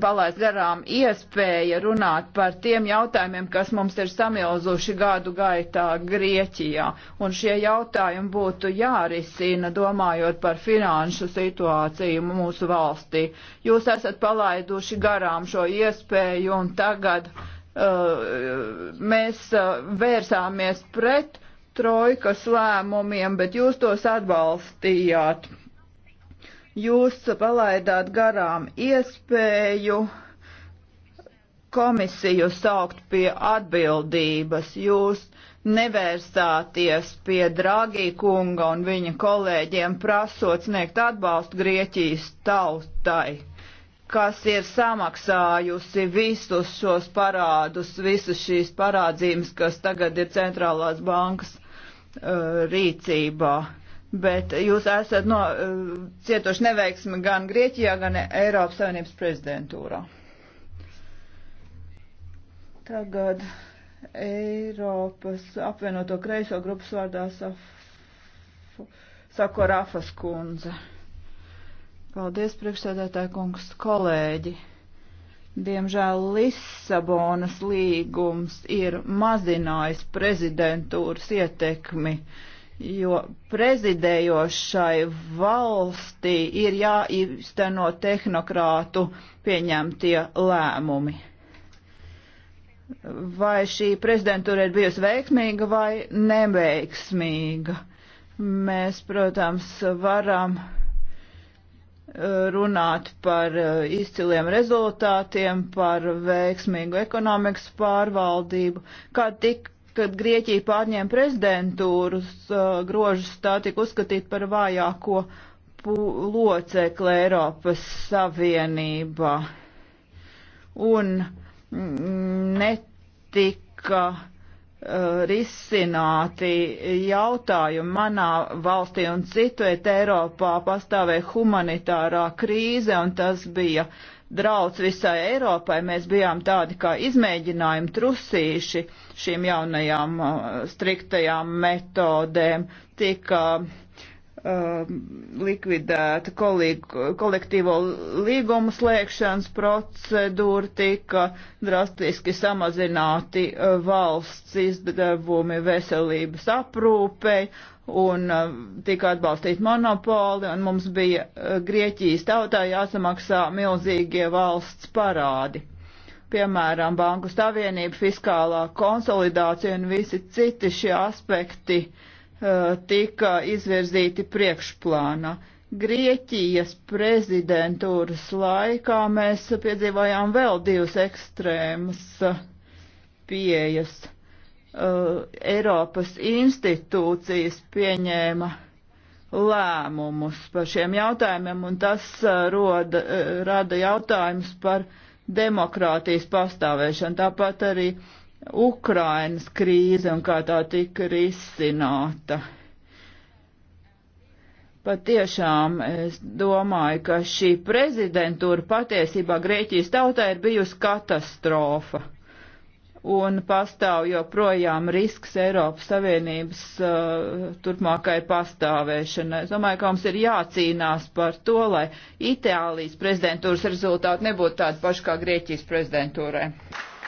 palaist garām iespēja runāt par tiem jautājumiem, kas mums ir samilzuši gadu gaitā Grieķijā. Un šie jautājumi būtu jārisina, domājot par finanšu situāciju mūsu valstī. Jūs esat palaiduši garām šo iespēju un tagad uh, Eh, mēs eh, vērsāmies pret trojkas lēmumiem, bet jūs tos atbalstījāt. Jūs palaidāt garām iespēju komisiju saukt pie atbildības. Jūs nevērsāties pie Dragī kunga un viņa kolēģiem prasot sniegt atbalstu Grieķijas tautai kas ir samaksājusi visus šos parādus, visas šīs parādzīmes, kas tagad ir centrālās bankas uh, rīcībā. Bet jūs esat no, uh, cietuši neveiksmi gan Grieķijā, gan Eiropas Savienības prezidentūrā. Tagad Eiropas apvienoto kreiso grupas vārdā saku Rafas kundze. Paldies, priekšsēdētāji kungs, kolēģi. Diemžēl Lisabonas līgums ir mazinājis prezidentūras ietekmi, jo prezidējošai valstī ir jāizteno tehnokrātu pieņemtie lēmumi. Vai šī prezidentūra ir bijusi veiksmīga vai neveiksmīga? Mēs, protams, varam runāt par eh, izciliem rezultātiem, par veiksmīgu ekonomikas pārvaldību. Kā tik, kad Grieķija pārņēma prezidentūras eh, grožus, tā tika uzskatīt par vājāko locekli Eiropas Savienībā. Un mm, netika Eh, risināti jautājumi manā valstī un citviet Eiropā pastāvēja humanitārā krīze un tas bija drauds visai Eiropai. Mēs bijām tādi kā izmēģinājumi trusīši šīm jaunajām eh, striktajām metodēm. Tika uh, Um, likvidēta kolektīvo līgumu slēgšanas procedūra, tika drastiski samazināti uh, valsts izdevumi veselības aprūpei un uh, tika atbalstīti monopoli, un mums bija uh, Grieķijas tautā jāsamaksā milzīgie valsts parādi. Piemēram, Banku Savienība, fiskālā konsolidācija un visi citi šie aspekti uh, Eh, tika izvirzīti priekšplāna. Grieķijas prezidentūras laikā mēs piedzīvojām vēl divas ekstrēmas eh, pieejas. Uh, Eiropas institūcijas pieņēma lēmumus par šiem jautājumiem, un tas uh, roda, uh, rada jautājumus par demokrātijas pastāvēšanu. Tāpat arī uh, Ukrainas krīze un kā tā tika risināta. Patiešām es domāju, ka šī prezidentūra patiesībā Grieķijas tautai ir bijusi katastrofa. Un pastāv joprojām risks Eiropas Savienības uh, turpmākai pastāvēšanai. Es domāju, ka mums ir jācīnās par to, lai Itālijas prezidentūras rezultāti nebūtu tādi paši kā Grieķijas prezidentūrai.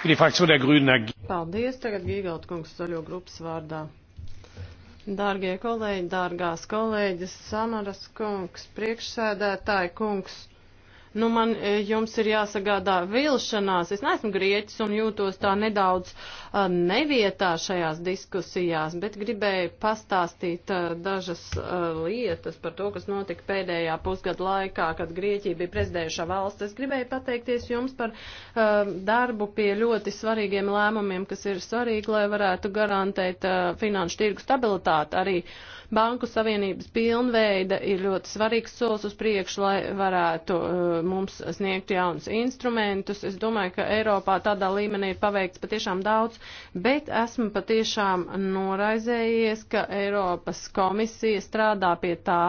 Paldies, tagad Gīgalt kungs zaļo grupas vārdā. Dārgie kolēģi, dārgās kolēģis, Samaras kungs, priekšsēdētāji kungs. Nu, man e, jums ir jāsagādā vilšanās. Es neesmu grieķis un jūtos tā nedaudz uh, nevietā šajās diskusijās, bet gribēju pastāstīt uh, dažas uh, lietas par to, kas notika pēdējā pusgada laikā, kad Grieķija bija prezidējušā valsts. Es gribēju pateikties jums par darbu pie ļoti svarīgiem lēmumiem, kas ir svarīgi, lai varētu garantēt finanšu tirgu stabilitāti arī. Banku savienības pilnveida ir ļoti svarīgs solis uz priekšu, lai varētu uh, mums sniegt jaunus instrumentus. Es domāju, ka Eiropā tādā līmenī ir paveikts patiešām daudz, bet esmu patiešām noraizējies, ka Eiropas komisija strādā pie tā,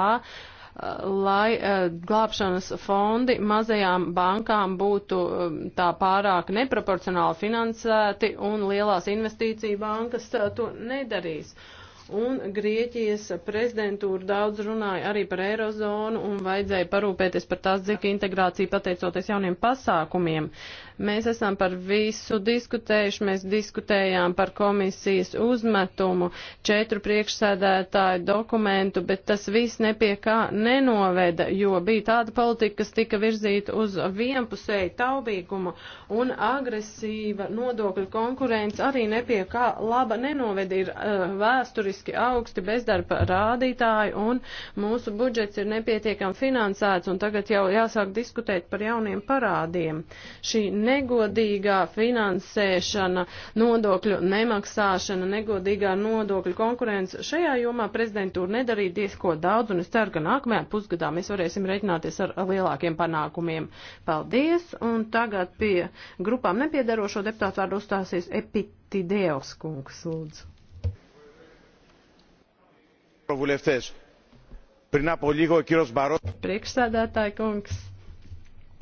lai eh, glābšanas fondi mazajām bankām būtu eh, tā pārāk neproporcionāli finansēti un lielās investīcija bankas eh, to nedarīs. Uh, Un Grieķijas prezidentūra daudz runāja arī par eirozonu un vajadzēja parūpēties par tās dziļu integrāciju pateicoties jauniem pasākumiem. Uh, Mēs esam par visu diskutējuši, mēs diskutējām par komisijas uzmetumu, četru priekšsēdētāju dokumentu, bet tas viss nepie kā nenoveda, jo bija tāda politika, kas tika virzīta uz vienpusēju taubīgumu un agresīva nodokļu konkurence arī nepie kā laba nenoveda. Ir uh, vēsturiski augsti bezdarba rādītāji un mūsu budžets ir nepietiekami finansēts un tagad jau jāsāk diskutēt par jauniem parādiem. Šī negodīgā finansēšana, nodokļu nemaksāšana, negodīgā nodokļu konkurence. Šajā jomā prezidentūra nedarīja diezko daudz, un es ceru, ka nākamajā pusgadā mēs varēsim reiķināties ar lielākiem panākumiem. Paldies, un tagad pie grupām nepiedarošo deputātu vārdu uzstāsies Epitideos kungs, lūdzu. Priekšsēdētāji kungs,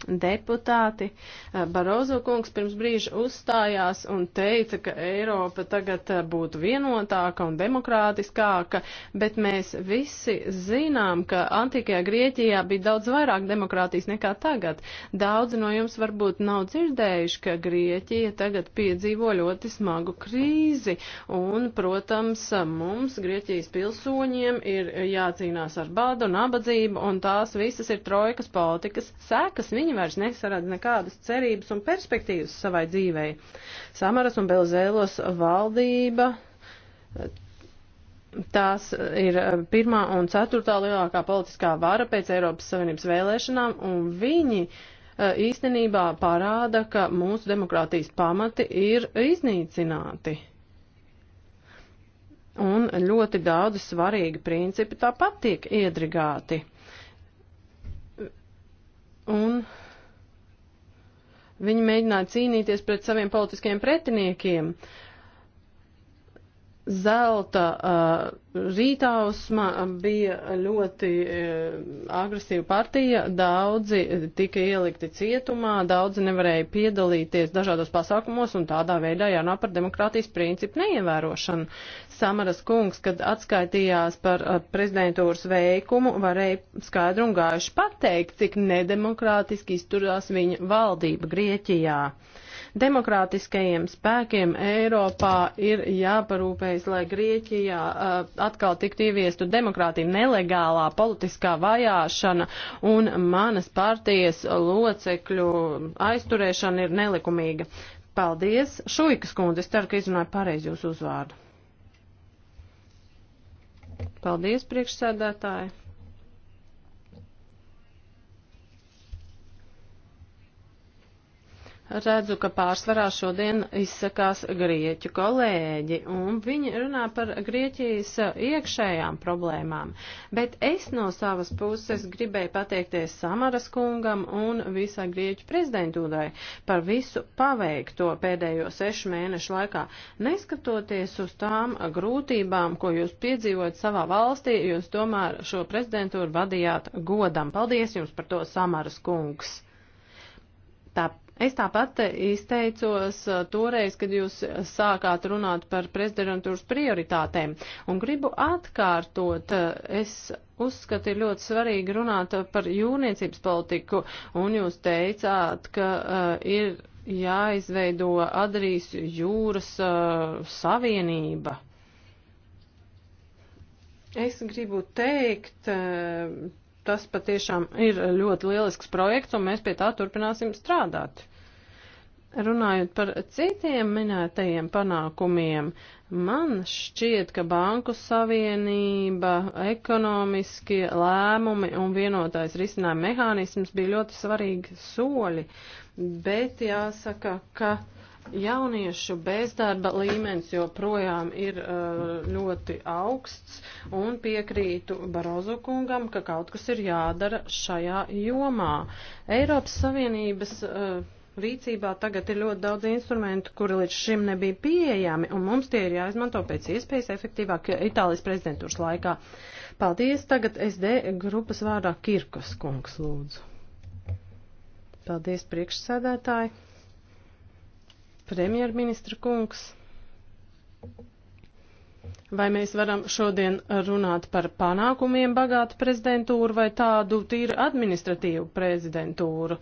deputāti. Eh, Barozo kungs pirms brīža uzstājās un teica, ka Eiropa tagad eh, būtu vienotāka un demokrātiskāka, bet mēs visi zinām, ka antikajā Grieķijā bija daudz vairāk demokrātijas nekā tagad. Daudzi no jums varbūt nav dzirdējuši, ka Grieķija tagad piedzīvo ļoti smagu krīzi un, protams, mums, Grieķijas pilsoņiem, ir jācīnās ar badu, nabadzību un tās visas ir trojkas politikas sekas. Viņi viņi vairs nesarada nekādas cerības un perspektīvas savai dzīvei. Samaras un Belzēlos valdība Tās ir eh, pirmā un ceturtā lielākā politiskā vara pēc Eiropas Savienības vēlēšanām, un viņi eh, īstenībā parāda, ka mūsu demokrātijas pamati ir iznīcināti. Un ļoti daudz svarīgi principi tāpat tiek iedrigāti. Un Viņi mēģināja cīnīties pret saviem politiskiem pretiniekiem. Zelta uh, rītausma bija ļoti uh, agresīva partija, daudzi tika ielikti cietumā, daudzi nevarēja piedalīties dažādos pasākumos un tādā veidā jānāk par demokrātijas principu neievērošanu. Samaras kungs, kad atskaitījās par uh, prezidentūras veikumu, varēja skaidru un gājuši pateikt, cik nedemokrātiski izturās viņa valdība Grieķijā. Demokrātiskajiem spēkiem Eiropā ir jāparūpējas, lai Grieķijā uh, atkal tiktu ieviestu demokrātija, nelegālā politiskā vajāšana un manas partijas locekļu aizturēšana ir nelikumīga. Paldies! Šuikas kundze, es ceru, ka izrunāju pareizi jūsu uzvārdu. Paldies, priekšsēdētāji! redzu, ka pārsvarā šodien izsakās grieķu kolēģi, un viņi runā par Grieķijas iekšējām problēmām. Bet es no savas puses gribēju pateikties Samaras kungam un visai Grieķu prezidentūrai par visu paveikto pēdējo sešu mēnešu laikā. Neskatoties uz tām grūtībām, ko jūs piedzīvojat savā valstī, jūs tomēr šo prezidentūru vadījāt godam. Paldies jums par to, Samaras kungs! Tā Es tāpat izteicos uh, toreiz, kad jūs sākāt runāt par prezidentūras prioritātēm. Un gribu atkārtot, uh, es uzskatu, ir ļoti svarīgi runāt par jūrniecības politiku. Un jūs teicāt, ka uh, ir jāizveido Adrijas jūras uh, savienība. Es gribu teikt, uh, tas patiešām ir ļoti lielisks projekts, un mēs pie tā turpināsim strādāt. Runājot par citiem minētajiem panākumiem, man šķiet, ka Banku Savienība, ekonomiskie lēmumi un vienotais risinājuma mehānisms bija ļoti svarīgi soļi, bet jāsaka, ka jauniešu bezdarba līmenis joprojām ir uh, ļoti augsts un piekrītu Barozu kungam, ka kaut kas ir jādara šajā jomā. Eiropas Savienības uh, rīcībā tagad ir ļoti daudz instrumentu, kuri līdz šim nebija pieejami, un mums tie ir jāizmanto pēc iespējas efektīvāk Itālijas prezidentūras laikā. Paldies, tagad SD grupas vārdā Kirkos kungs lūdzu. Paldies, priekšsēdētāji. Premjerministra kungs. Vai mēs varam šodien runāt par panākumiem bagātu prezidentūru vai tādu tīru administratīvu prezidentūru?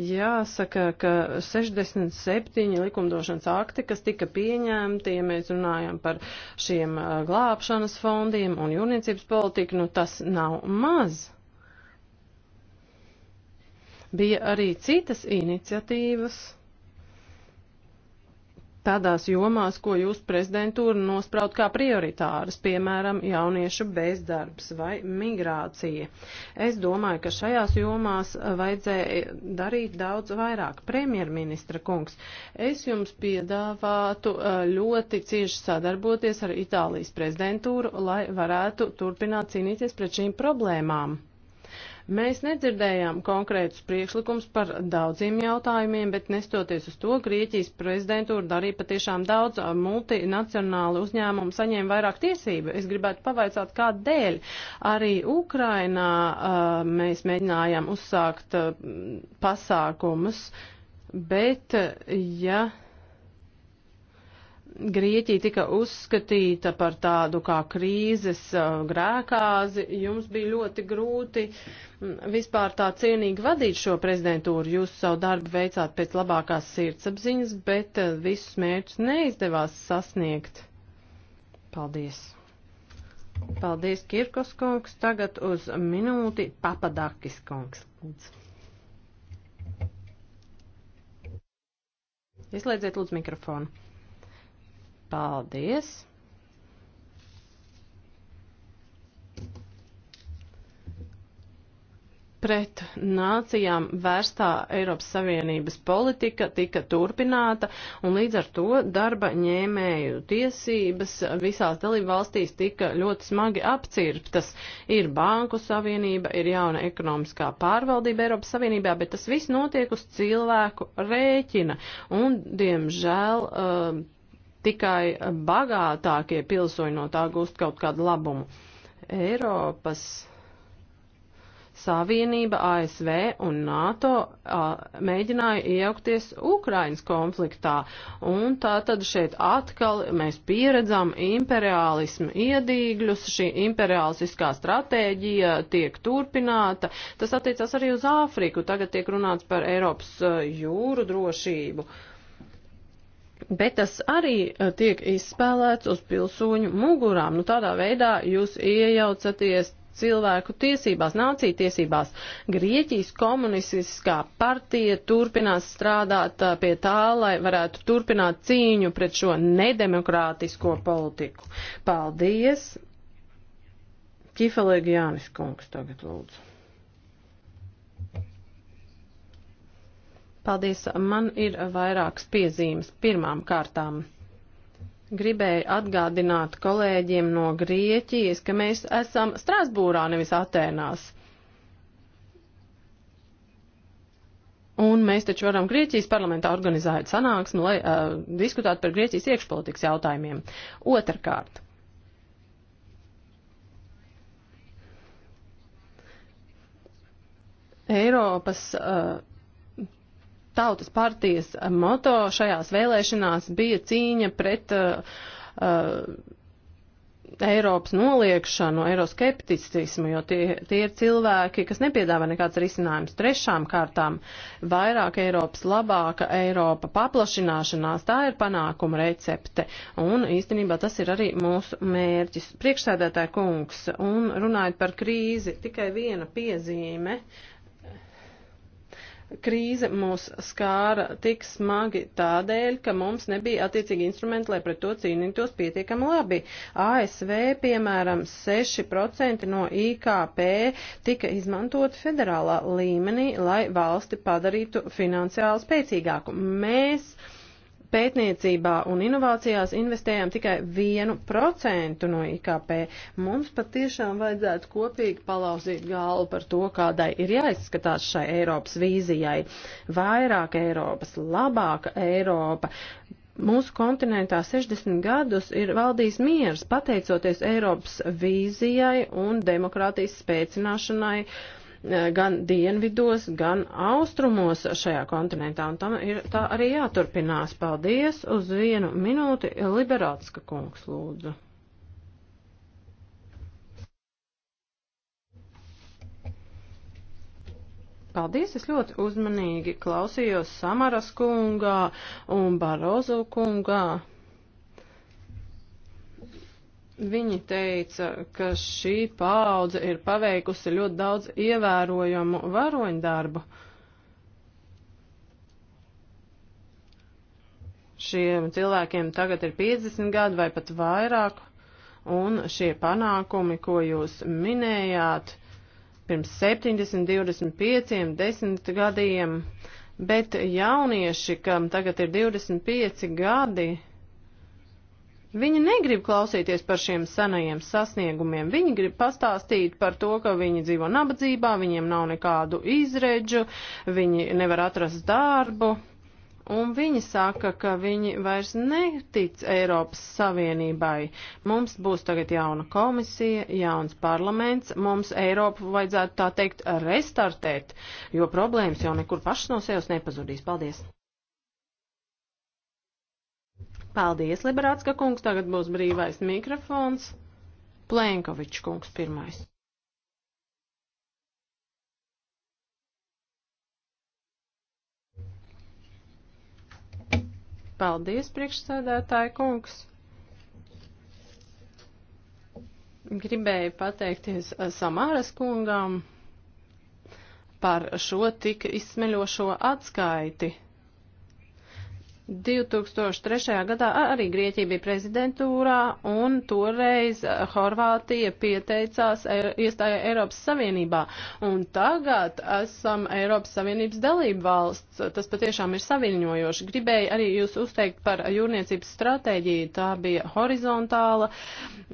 Jāsaka, ka 67 likumdošanas akti, kas tika pieņemti, ja mēs runājam par šiem glābšanas fondiem un jūrniecības politiku, nu tas nav maz. Bija arī citas iniciatīvas tādās jomās, ko jūs prezidentūra nospraut kā prioritāras, piemēram, jauniešu bezdarbs vai migrācija. Es domāju, ka šajās jomās vajadzēja darīt daudz vairāk. Premjerministra kungs, es jums piedāvātu ļoti cieši sadarboties ar Itālijas prezidentūru, lai varētu turpināt cīnīties pret šīm problēmām. Mēs nedzirdējām konkrētus priekšlikums par daudziem jautājumiem, bet nestoties uz to, Grieķijas prezidentūra darīja patiešām daudz multinacionālu uzņēmumu saņēma vairāk tiesību. Es gribētu pavaicāt, kādēļ arī Ukrainā uh, mēs mēģinājām uzsākt uh, pasākumus, bet, ja. Uh, Grieķija tika uzskatīta par tādu kā krīzes uh, grēkāzi, jums bija ļoti grūti mm, vispār tā cienīgi vadīt šo prezidentūru. Jūs savu darbu veicāt pēc labākās sirdsapziņas, bet uh, visus mērķus neizdevās sasniegt. Paldies! Paldies, Kirkos kungs. Tagad uz minūti Papadakis kungs. Ieslēdziet lūdzu mikrofonu. Paldies! pret nācijām vērstā Eiropas Savienības politika tika turpināta, un līdz ar to darba ņēmēju tiesības visās dalībvalstīs tika ļoti smagi apcirptas. Ir Banku Savienība, ir jauna ekonomiskā pārvaldība Eiropas Savienībā, bet tas viss notiek uz cilvēku rēķina, un, diemžēl, uh, tikai bagātākie pilsoņi no tā gūst kaut kādu labumu. Eiropas Savienība, ASV un NATO a, mēģināja iejaukties Ukrainas konfliktā, un tā tad šeit atkal mēs pieredzam imperialismu iedīgļus, šī imperialistiskā stratēģija tiek turpināta, tas attiecas arī uz Āfriku, tagad tiek runāts par Eiropas jūru drošību. Uh, Bet tas arī eh, tiek izspēlēts uz pilsoņu mugurām. Nu, tādā veidā jūs iejaucaties cilvēku tiesībās, nāciju tiesībās. Grieķijas komunistiskā partija turpinās strādāt eh, pie tā, lai varētu turpināt cīņu pret šo nedemokrātisko politiku. Paldies! Kifelēgi Jānis Kungs tagad lūdzu. Paldies, man ir vairākas piezīmes. Pirmām kārtām gribēju atgādināt kolēģiem no Grieķijas, ka mēs esam Strasbūrā, nevis Atēnās. Un mēs taču varam Grieķijas parlamentā organizēt sanāksmi, lai uh, diskutētu par Grieķijas iekšpolitikas jautājumiem. Otrakārt. Eiropas uh, Tautas partijas moto šajās vēlēšanās bija cīņa pret uh, uh, Eiropas noliekšanu, eiroskepticismu, jo tie, tie ir cilvēki, kas nepiedāvā nekāds risinājums trešām kārtām. Vairāk Eiropas, labāka Eiropa paplašināšanās, tā ir panākuma recepte. Un īstenībā tas ir arī mūsu mērķis. Priekšsēdētāja kungs, un runājot par krīzi, tikai viena piezīme. Krīze mūs skāra tik smagi tādēļ, ka mums nebija attiecīgi instrumenti, lai pret to cīnītos pietiekami labi. ASV, piemēram, 6% no IKP tika izmantot federālā līmenī, lai valsti padarītu finansiāli spēcīgāku. Mēs pētniecībā un inovācijās investējam tikai 1% no IKP. Mums patiešām vajadzētu kopīgi palauzīt galvu par to, kādai ir jāizskatās šai Eiropas vīzijai. Vairāk Eiropas, labāka Eiropa. Mūsu kontinentā 60 gadus ir valdījis miers pateicoties Eiropas vīzijai un demokrātijas spēcināšanai. Uh, Eh, gan dienvidos, gan austrumos šajā kontinentā, un tam ir tā arī jāturpinās. Paldies uz vienu minūti, Liberātska kungs lūdzu. Paldies, es ļoti uzmanīgi klausījos Samaras kungā un Barozo kungā. Viņi teica, ka šī paudze ir paveikusi ļoti daudz ievērojumu varoņdarbu. Šiem cilvēkiem tagad ir 50 gadi vai pat vairāk, un šie panākumi, ko jūs minējāt, pirms 70, 25, 10 gadiem, bet jaunieši, kam tagad ir 25 gadi, Viņi negrib klausīties par šiem senajiem sasniegumiem. Viņi grib pastāstīt par to, ka viņi dzīvo nabadzībā, viņiem nav nekādu izredžu, viņi nevar atrast darbu. Un viņi saka, ka viņi vairs netic Eiropas Savienībai. Mums būs tagad jauna komisija, jauns parlaments, mums Eiropu vajadzētu tā teikt restartēt, jo problēmas jau nekur pašas no sevis nepazudīs. Paldies! Paldies, Liberācka kungs, tagad būs brīvais mikrofons. Plēnkovičs kungs pirmais. Paldies, priekšsēdētāji kungs. Gribēju pateikties Samāras kungām par šo tik izsmeļošo atskaiti. 2003. gadā arī Grieķija bija prezidentūrā, un toreiz Horvātija pieteicās e- iestājai Eiropas Savienībā. Un tagad esam Eiropas Savienības dalība valsts. Tas patiešām ir saviņojoši. Gribēju arī jūs uzteikt par jūrniecības stratēģiju. Tā bija horizontāla.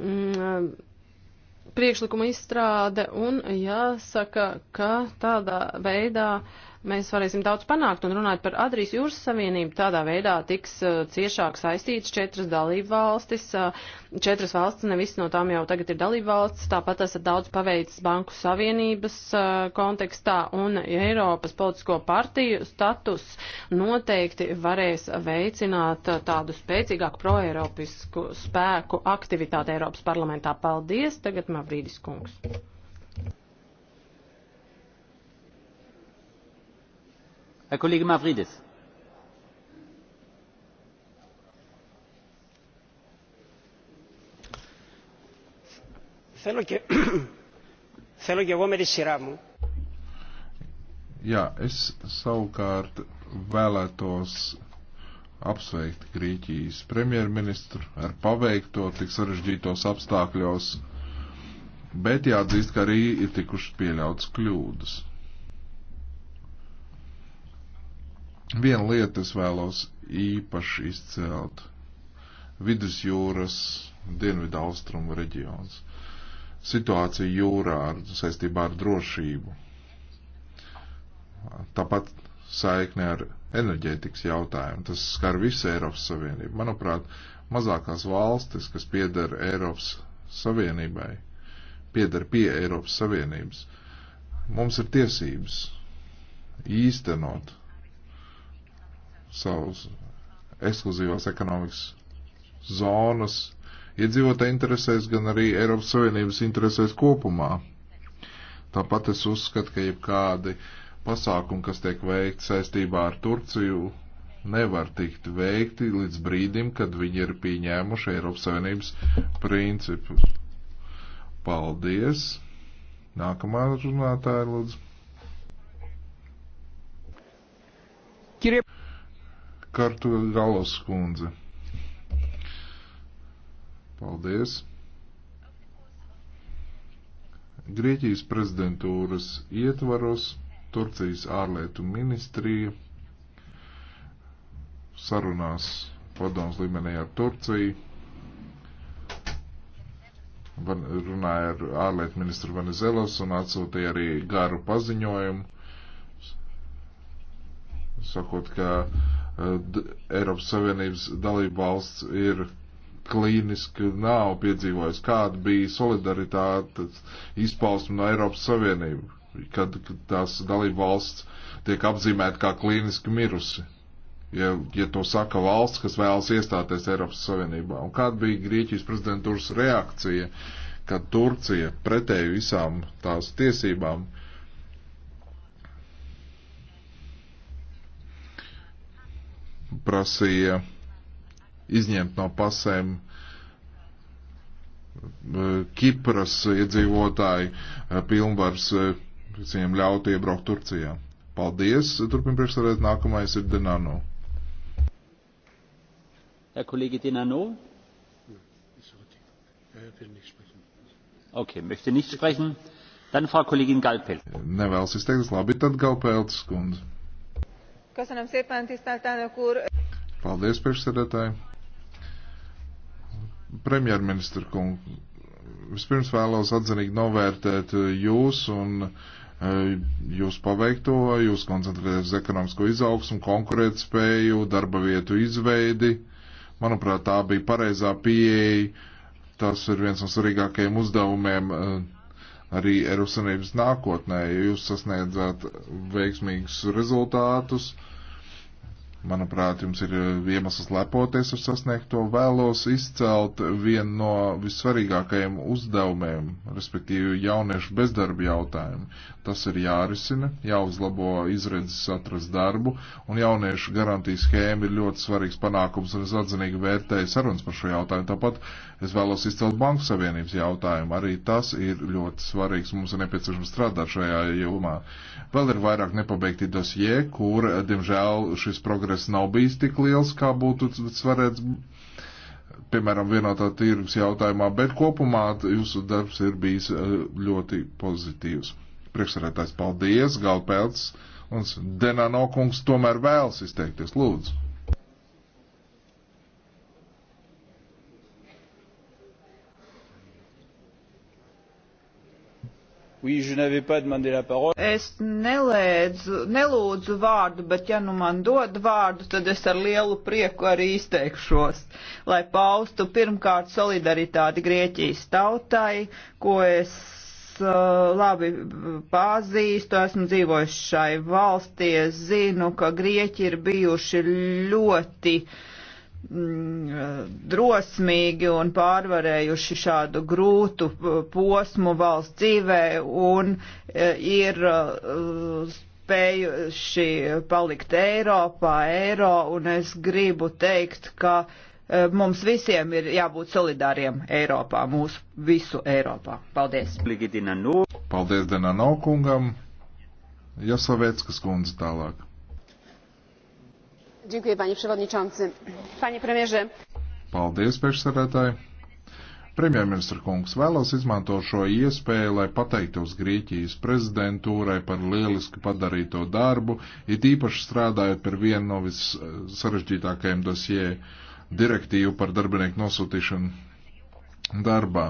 Mm, priekšlikuma izstrāde un jāsaka, ka tādā veidā uh, mēs varēsim daudz panākt un runāt par Adrijas jūras savienību. Tādā veidā tiks uh, ciešāk saistīts četras dalību valstis. Uh, četras valstis, nevis no tām jau tagad ir dalību valstis, tāpat esat daudz paveicis Banku Savienības uh, kontekstā un Eiropas politisko partiju status noteikti varēs veicināt uh, tādu spēcīgāku proeiropisku spēku aktivitāti Eiropas parlamentā. Paldies, tagad Mavrīdis kungs. herr kollege mavrides! θέλω και εγώ με τη σειρά μου. Jā, es savukārt vēlētos apsveikt Grieķijas premjerministru ar paveikto tik sarežģītos apstākļos, bet jāatzīst, ka arī ir tikušas pieļautas kļūdas. Vienu lietu es vēlos īpaši izcelt. Vidusjūras dienvidu austrumu reģions. Situācija jūrā ar, saistībā ar drošību. Tāpat saikne ar enerģētikas jautājumu. Tas skar visu Eiropas Savienību. Manuprāt, mazākās valstis, kas pieder Eiropas Savienībai, pieder pie Eiropas Savienības, mums ir tiesības īstenot savus ekskluzīvās ekonomikas zonas iedzīvotāji interesēs, gan arī Eiropas Savienības interesēs kopumā. Tāpat es uzskatu, ka jebkādi pasākumi, kas tiek veikti saistībā ar Turciju, nevar tikt veikti līdz brīdim, kad viņi ir pieņēmuši Eiropas Savienības principus. Paldies! Nākamā runātāja, lūdzu. Kartu Galos kundze. Paldies. Grieķijas prezidentūras ietvaros Turcijas ārlietu ministrija sarunās padoms līmenī ar Turciju runāja ar ārlietu ministru Venizelos un atsūtīja arī garu paziņojumu, sakot, ka Eiropas Savienības dalība valsts ir klīniski nav piedzīvojis, kāda bija solidaritāte izpausme no Eiropas Savienības, kad tās dalība valsts tiek apzīmēta kā klīniski mirusi. Ja, ja to saka valsts, kas vēlas iestāties Eiropas Savienībā. Un kāda bija Grieķijas prezidentūras reakcija, kad Turcija pretēji visām tās tiesībām uh, prasīja izņemt no pasēm e, Kipras iedzīvotāju e, pilnvars, kas e, viņiem ļautu iebraukt Turcijā. Paldies, turpin priekšsēdēt, nākamais ir Denano. Herr Kollege Denano? Okay, möchte nicht sprechen. Dann Frau Kollegin Galpel. Nevēlas izteikties, labi, tad Galpelts kundze. Köszönöm szépen, tisztelt elnök úr! Paldies, priekšsēdētāji! Premjerministra kungu, vispirms vēlos atzinīgi novērtēt eh, jūs un eh, jūs paveikto, jūs koncentrēties uz ekonomisko izaugsmu, konkurētspēju, darba vietu izveidi. Manuprāt, tā bija pareizā pieeja. Tas ir viens no svarīgākajiem uzdevumiem eh, arī Eiropas Savienības nākotnē, ja jūs sasniedzat veiksmīgus rezultātus, uh, Manuprāt, jums ir eh, iemesls lepoties ar sasniegto. Vēlos izcelt vienu no vissvarīgākajiem uzdevumiem, respektīvi jauniešu bezdarba jautājumu. Tas ir jārisina, jāuzlabo izredzes atrast darbu, un jauniešu garantijas schēma ir ļoti svarīgs panākums, un es atzinīgi vērtēju sarunas par šo jautājumu. Tāpat es vēlos izcelt Banku Savienības jautājumu. Arī tas ir ļoti svarīgs, mums ir nepieciešams strādāt šajā jomā. Vēl ir vairāk nepabeigti dosie, kur, diemžēl, šis progress progress nav bijis tik liels, kā būtu svarēts, piemēram, vienotā tirgus jautājumā, bet kopumā jūsu darbs ir bijis eh, ļoti pozitīvs. Priekšsarētājs paldies, Galpēts un Denano kungs tomēr vēlas izteikties. Lūdzu! Oui, je n'avais pas demandé la parole. Es nelēdzu, nelūdzu vārdu, bet ja nu man dod vārdu, tad es ar lielu prieku arī izteikšos, lai paustu pirmkārt solidaritāti Grieķijas tautai, ko es uh, labi pazīstu, esmu dzīvojis šai valstī, es zinu, ka Grieķi ir bijuši ļoti uh, Mm, drosmīgi un pārvarējuši šādu grūtu uh, posmu valsts dzīvē un uh, ir uh, spējuši palikt Eiropā, Eiro, un es gribu teikt, ka mums visiem ir jābūt solidāriem Eiropā, mūsu visu Eiropā. Paldies! Paldies Denano kungam! Jasavēckas kundze tālāk. Dziękuję, panie przewodniczący. Panie premjerze. Paldies, priekšsēdētāji. Premjerministra kungs vēlos izmantot šo iespēju, lai pateiktos Grieķijas prezidentūrai par lieliski padarīto darbu, it īpaši strādājot par vienu no vissarežģītākajiem dosijai direktīvu par darbinieku nosūtīšanu darbā.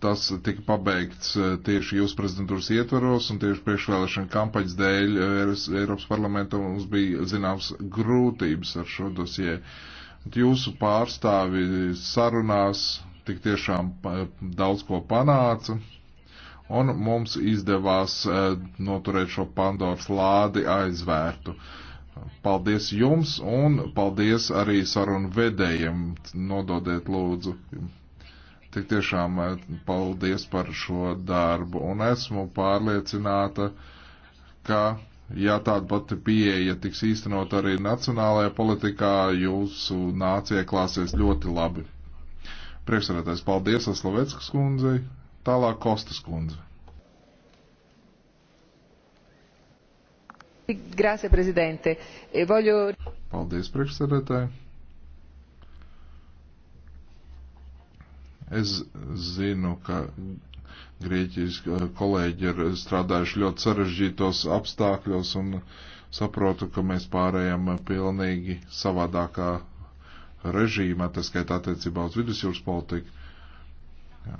Tas tika pabeigts eh, tieši jūsu prezidentūras ietvaros un tieši priekšvēlēšana kampaņas dēļ eh, Eiropas parlamentam mums bija zināms grūtības ar šo dosie. Jūsu pārstāvi sarunās tik tiešām daudz ko panāca un mums izdevās eh, noturēt šo Pandoras lādi aizvērtu. Paldies jums un paldies arī sarunu vedējiem. Nododiet lūdzu Tik tiešām eh, paldies par šo darbu un esmu pārliecināta, ka ja tāda pati pieeja tiks īstenot arī nacionālajā politikā, jūsu nācija klāsies ļoti labi. Priekšsēdētājs paldies Aslaveckas kundzei, tālāk Kostas kundze. Grazie, prezidente. E Voļu... Paldies, priekšsēdētāji. Es zinu, ka Grieķijas eh, kolēģi ir strādājuši ļoti sarežģītos apstākļos un saprotu, ka mēs pārējām pilnīgi savādākā režīmā, tas skaitā attiecībā uz vidusjūras politiku. Jā.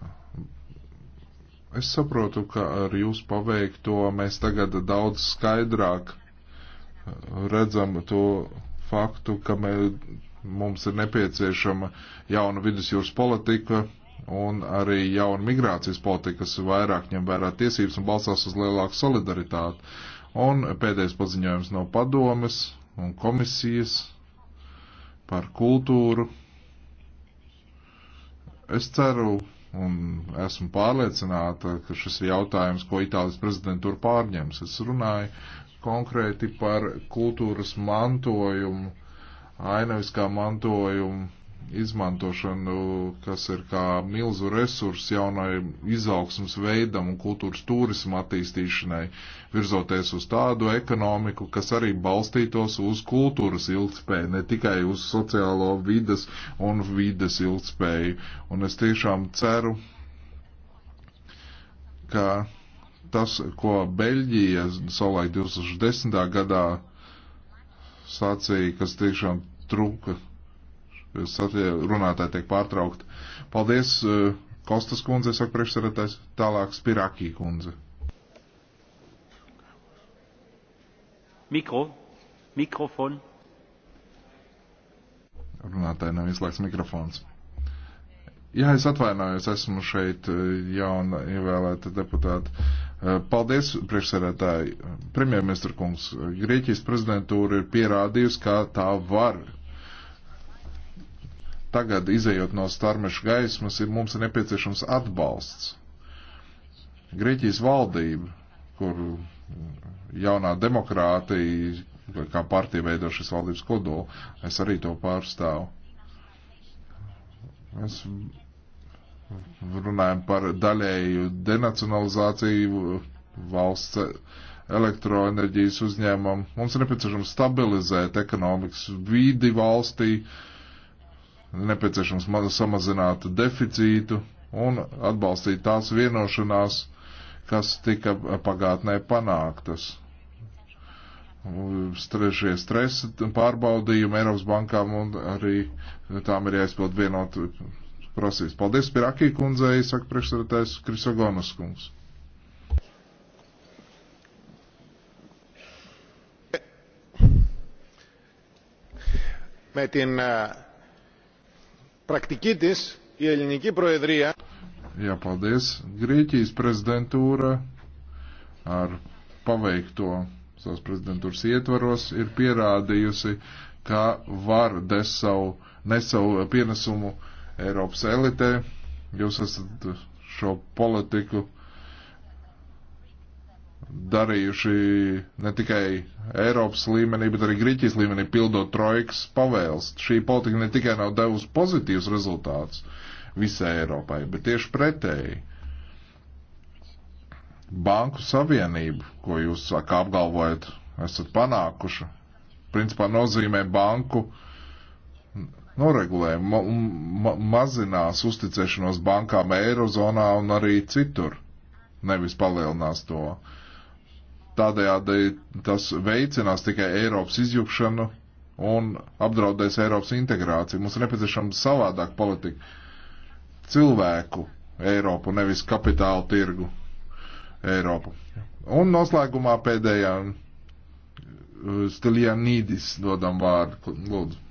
Es saprotu, ka ar jūsu paveikto mēs tagad daudz skaidrāk eh, redzam to faktu, ka mē, mums ir nepieciešama jauna vidusjūras politika, un arī jauna migrācijas politika, kas vairāk ņem vērā tiesības un balstās uz lielāku solidaritāti. Un pēdējais paziņojums no padomes un komisijas par kultūru. Es ceru un esmu pārliecināta, ka šis ir jautājums, ko Itālijas prezidentūra pārņems. Es runāju konkrēti par kultūras mantojumu, ainaviskā mantojumu izmantošanu, kas ir kā milzu resursu jaunai izaugsmas veidam un kultūras turismu attīstīšanai, virzoties uz tādu ekonomiku, kas arī balstītos uz kultūras ilgspēju, ne tikai uz sociālo vidas un vidas ilgspēju. Un es tiešām ceru, ka tas, ko Beļģija savulaik 2010. gadā sacīja, kas tiešām trūka runātāji tiek pārtraukti. Paldies, eh, Kostas kundze, saka priekšsarētājs, tālāk Spirākī kundze. Mikro, mikrofon. Runātāji nav izslēgts mikrofons. Jā, es atvainojos, esmu šeit eh, jauna ievēlēta deputāta. Eh, paldies, priekšsarētāji. Premjerministra kungs, Grieķijas prezidentūra ir pierādījusi, ka tā var tagad, izējot no starmeša gaismas, ir mums ir nepieciešams atbalsts. Grieķijas valdība, kur jaunā demokrātija, kā partija veido šis valdības kodolu, es arī to pārstāvu. Mēs runājam par daļēju denacionalizāciju valsts elektroenerģijas uzņēmumam. Mums ir nepieciešams stabilizēt ekonomikas vīdi valstī, uh, nepieciešams samazināt deficītu un atbalstīt tās vienošanās, kas tika pagātnē panāktas. Šie stresa pārbaudījumi Eiropas bankām un arī tām ir jāizpild vienot prasības. Paldies Pirakī kundzei, saka priekšsēdētājs Krisogonas kungs. Με την uh, πρακτική της η ελληνική προεδρία. Jā, paldies. Grieķijas prezidentūra ar paveikto savas prezidentūras ietvaros ir pierādījusi, ka var des savu, nes savu pienesumu Eiropas elitē. Jūs esat šo politiku darījuši ne tikai Eiropas līmenī, bet arī Grieķijas līmenī, pildot trojkas pavēles. Šī politika ne tikai nav devusi pozitīvus rezultātus visai Eiropai, bet tieši pretēji. Banku savienību, ko jūs kā apgalvojat, esat panākuši, principā nozīmē banku noregulē, ma ma mazinās uzticēšanos bankām Eirozonā un arī citur, nevis palielinās to. Uh, Tādējādi tas veicinās tikai Eiropas izjukšanu un apdraudēs Eiropas integrāciju. Mums ir nepieciešama savādāk politika. Cilvēku Eiropu, nevis kapitālu tirgu Eiropu. Un noslēgumā pēdējā Stilianīdis dodam vārdu. Lūdzu.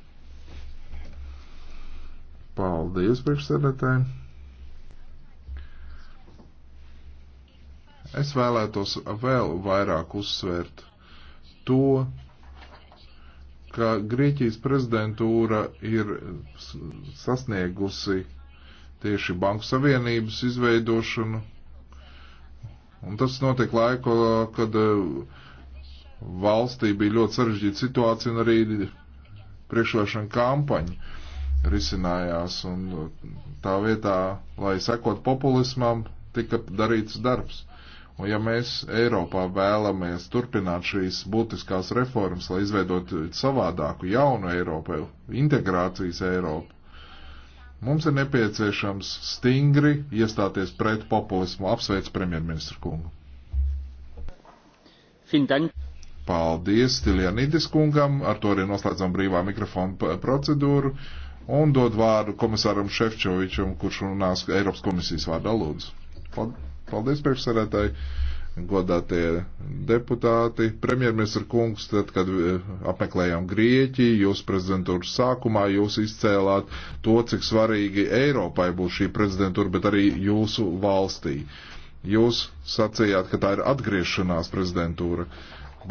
Paldies priekšsēdētājiem. Es vēlētos vēl vairāk uzsvērt to, ka Grieķijas prezidentūra ir sasniegusi tieši Banku Savienības izveidošanu. Un tas notiek laiku, kad e, valstī bija ļoti sarežģīta situācija un arī priekšvēlēšana kampaņa risinājās. Un tā vietā, lai sekot populismam, tika darīts darbs. Un ja mēs Eiropā vēlamies turpināt šīs būtiskās reformas, lai izveidot savādāku jaunu Eiropu, integrācijas Eiropu, mums ir nepieciešams stingri iestāties pret populismu. Apsveic premjerministru kungu. Fintan. Paldies Stilianidis kungam, ar to arī noslēdzam brīvā mikrofona procedūru un dod vārdu komisāram Šefčovičam, kurš runās Eiropas komisijas vārdā lūdzu. Paldies. Paldies, priekšsarētāji, godātie deputāti. Premjerministra kungs, tad, kad eh, apmeklējām Grieķiju, jūs prezidentūras sākumā, jūs izcēlāt to, cik svarīgi Eiropai būs šī prezidentūra, bet arī jūsu valstī. Jūs sacījāt, ka tā ir atgriešanās prezidentūra.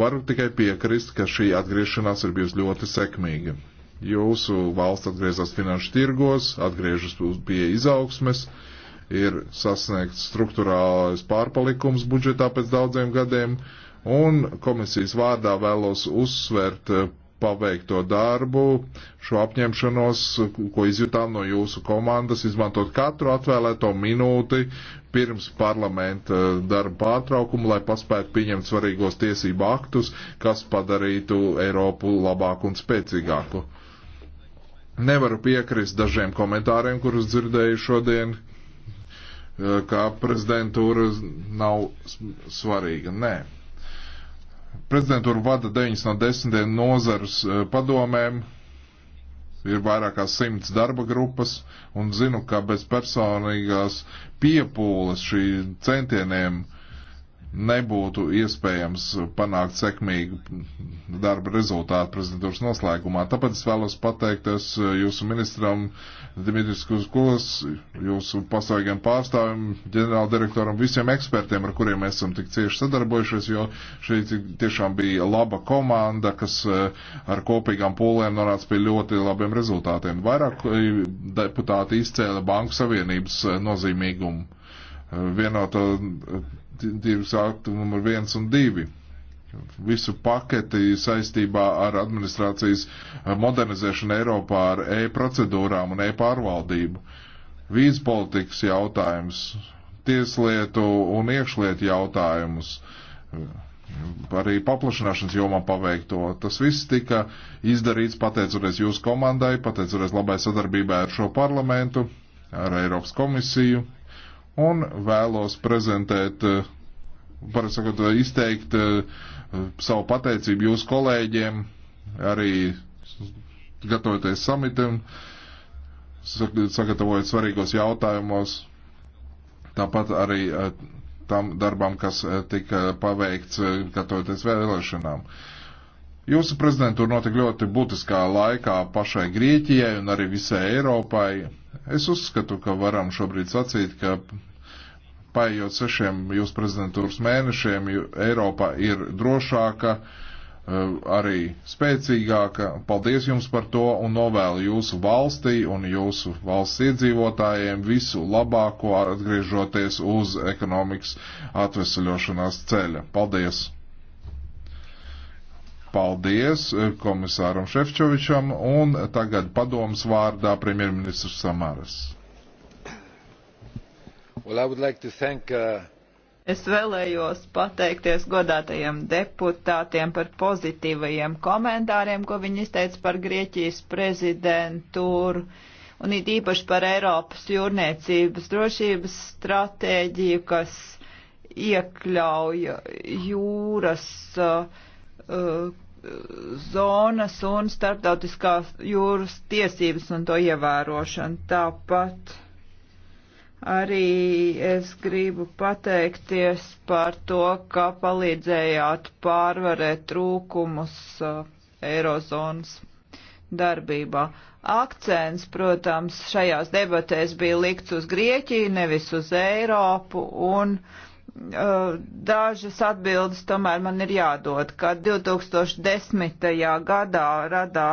Varu tikai piekrist, ka šī atgriešanās ir bijusi ļoti sekmīga. Jūsu valsts atgriezās finanšu tirgos, atgriežas pie izaugsmes. Uh, ir sasniegts struktūrālais pārpalikums budžetā pēc daudziem gadiem, un komisijas vārdā vēlos uzsvērt eh, paveikto darbu, šo apņemšanos, ko izjutām no jūsu komandas, izmantot katru atvēlēto minūti pirms parlamenta eh, darba pārtraukumu, lai paspētu pieņemt svarīgos tiesību aktus, kas padarītu Eiropu labāku un spēcīgāku. Nevaru piekrist dažiem komentāriem, kurus dzirdēju šodien. Uh, Eh, ka prezidentūra nav svarīga. Nē. Prezidentūra vada 9 no 10 nozars eh, padomēm, ir vairāk kā 100 darba grupas, un zinu, ka bez personīgās piepūles šī centieniem uh, nebūtu iespējams panākt sekmīgu darba rezultātu prezidentūras noslēgumā. Tāpēc es vēlos pateikties eh, jūsu ministram Dimitris Kuskulas, jūsu pasauļiem pārstāvim, ģenerāldirektoram, visiem ekspertiem, ar kuriem esam tik cieši sadarbojušies, jo šeit tiešām bija laba komanda, kas eh, ar kopīgām pūlēm nonāca pie ļoti labiem rezultātiem. Vairāk eh, deputāti izcēla Banku Savienības nozīmīgumu vienotā divus aktu numur viens un divi. Visu paketi saistībā ar administrācijas eh, modernizēšanu Eiropā ar e-procedūrām un e-pārvaldību. Vīz politikas jautājums, tieslietu un iekšlietu jautājumus, eh, arī paplašināšanas jomā paveikto. Tas viss tika izdarīts pateicoties jūsu komandai, pateicoties labai sadarbībai ar šo parlamentu, ar Eiropas komisiju un vēlos prezentēt, parasakot, eh, izteikt eh, savu pateicību jūsu kolēģiem, arī gatavoties samitam, sagatavojot svarīgos jautājumos, tāpat arī eh, tam darbam, kas tika paveikts gatavoties vēlēšanām. Jūsu prezidentūra notika ļoti būtiskā laikā pašai Grieķijai un arī visai Eiropai. Es uzskatu, ka varam šobrīd sacīt, ka paējot sešiem jūsu prezidentūras mēnešiem, Eiropa ir drošāka, eh, arī spēcīgāka. Paldies jums par to un novēlu jūsu valstī un jūsu valsts iedzīvotājiem visu labāko atgriežoties uz ekonomikas atvesaļošanās ceļa. Paldies! Paldies eh, komisāram Šefčovičam un tagad padomas vārdā premjerministrs Samaras. Well, I would like to thank uh, Es vēlējos pateikties godātajiem deputātiem par pozitīvajiem komentāriem, ko viņi izteica par Grieķijas prezidentūru un it īpaši par Eiropas jūrniecības drošības stratēģiju, kas iekļauj jūras uh, Uh, zonas un starptautiskās jūras tiesības un to ievērošanu. Tāpat arī es gribu pateikties par to, ka palīdzējāt pārvarēt trūkumus uh, Eirozonas darbībā. Akcents, protams, šajās debatēs bija likts uz Grieķiju, nevis uz Eiropu, un uh, dažas atbildes tomēr man ir jādod, ka 2010. gadā radā,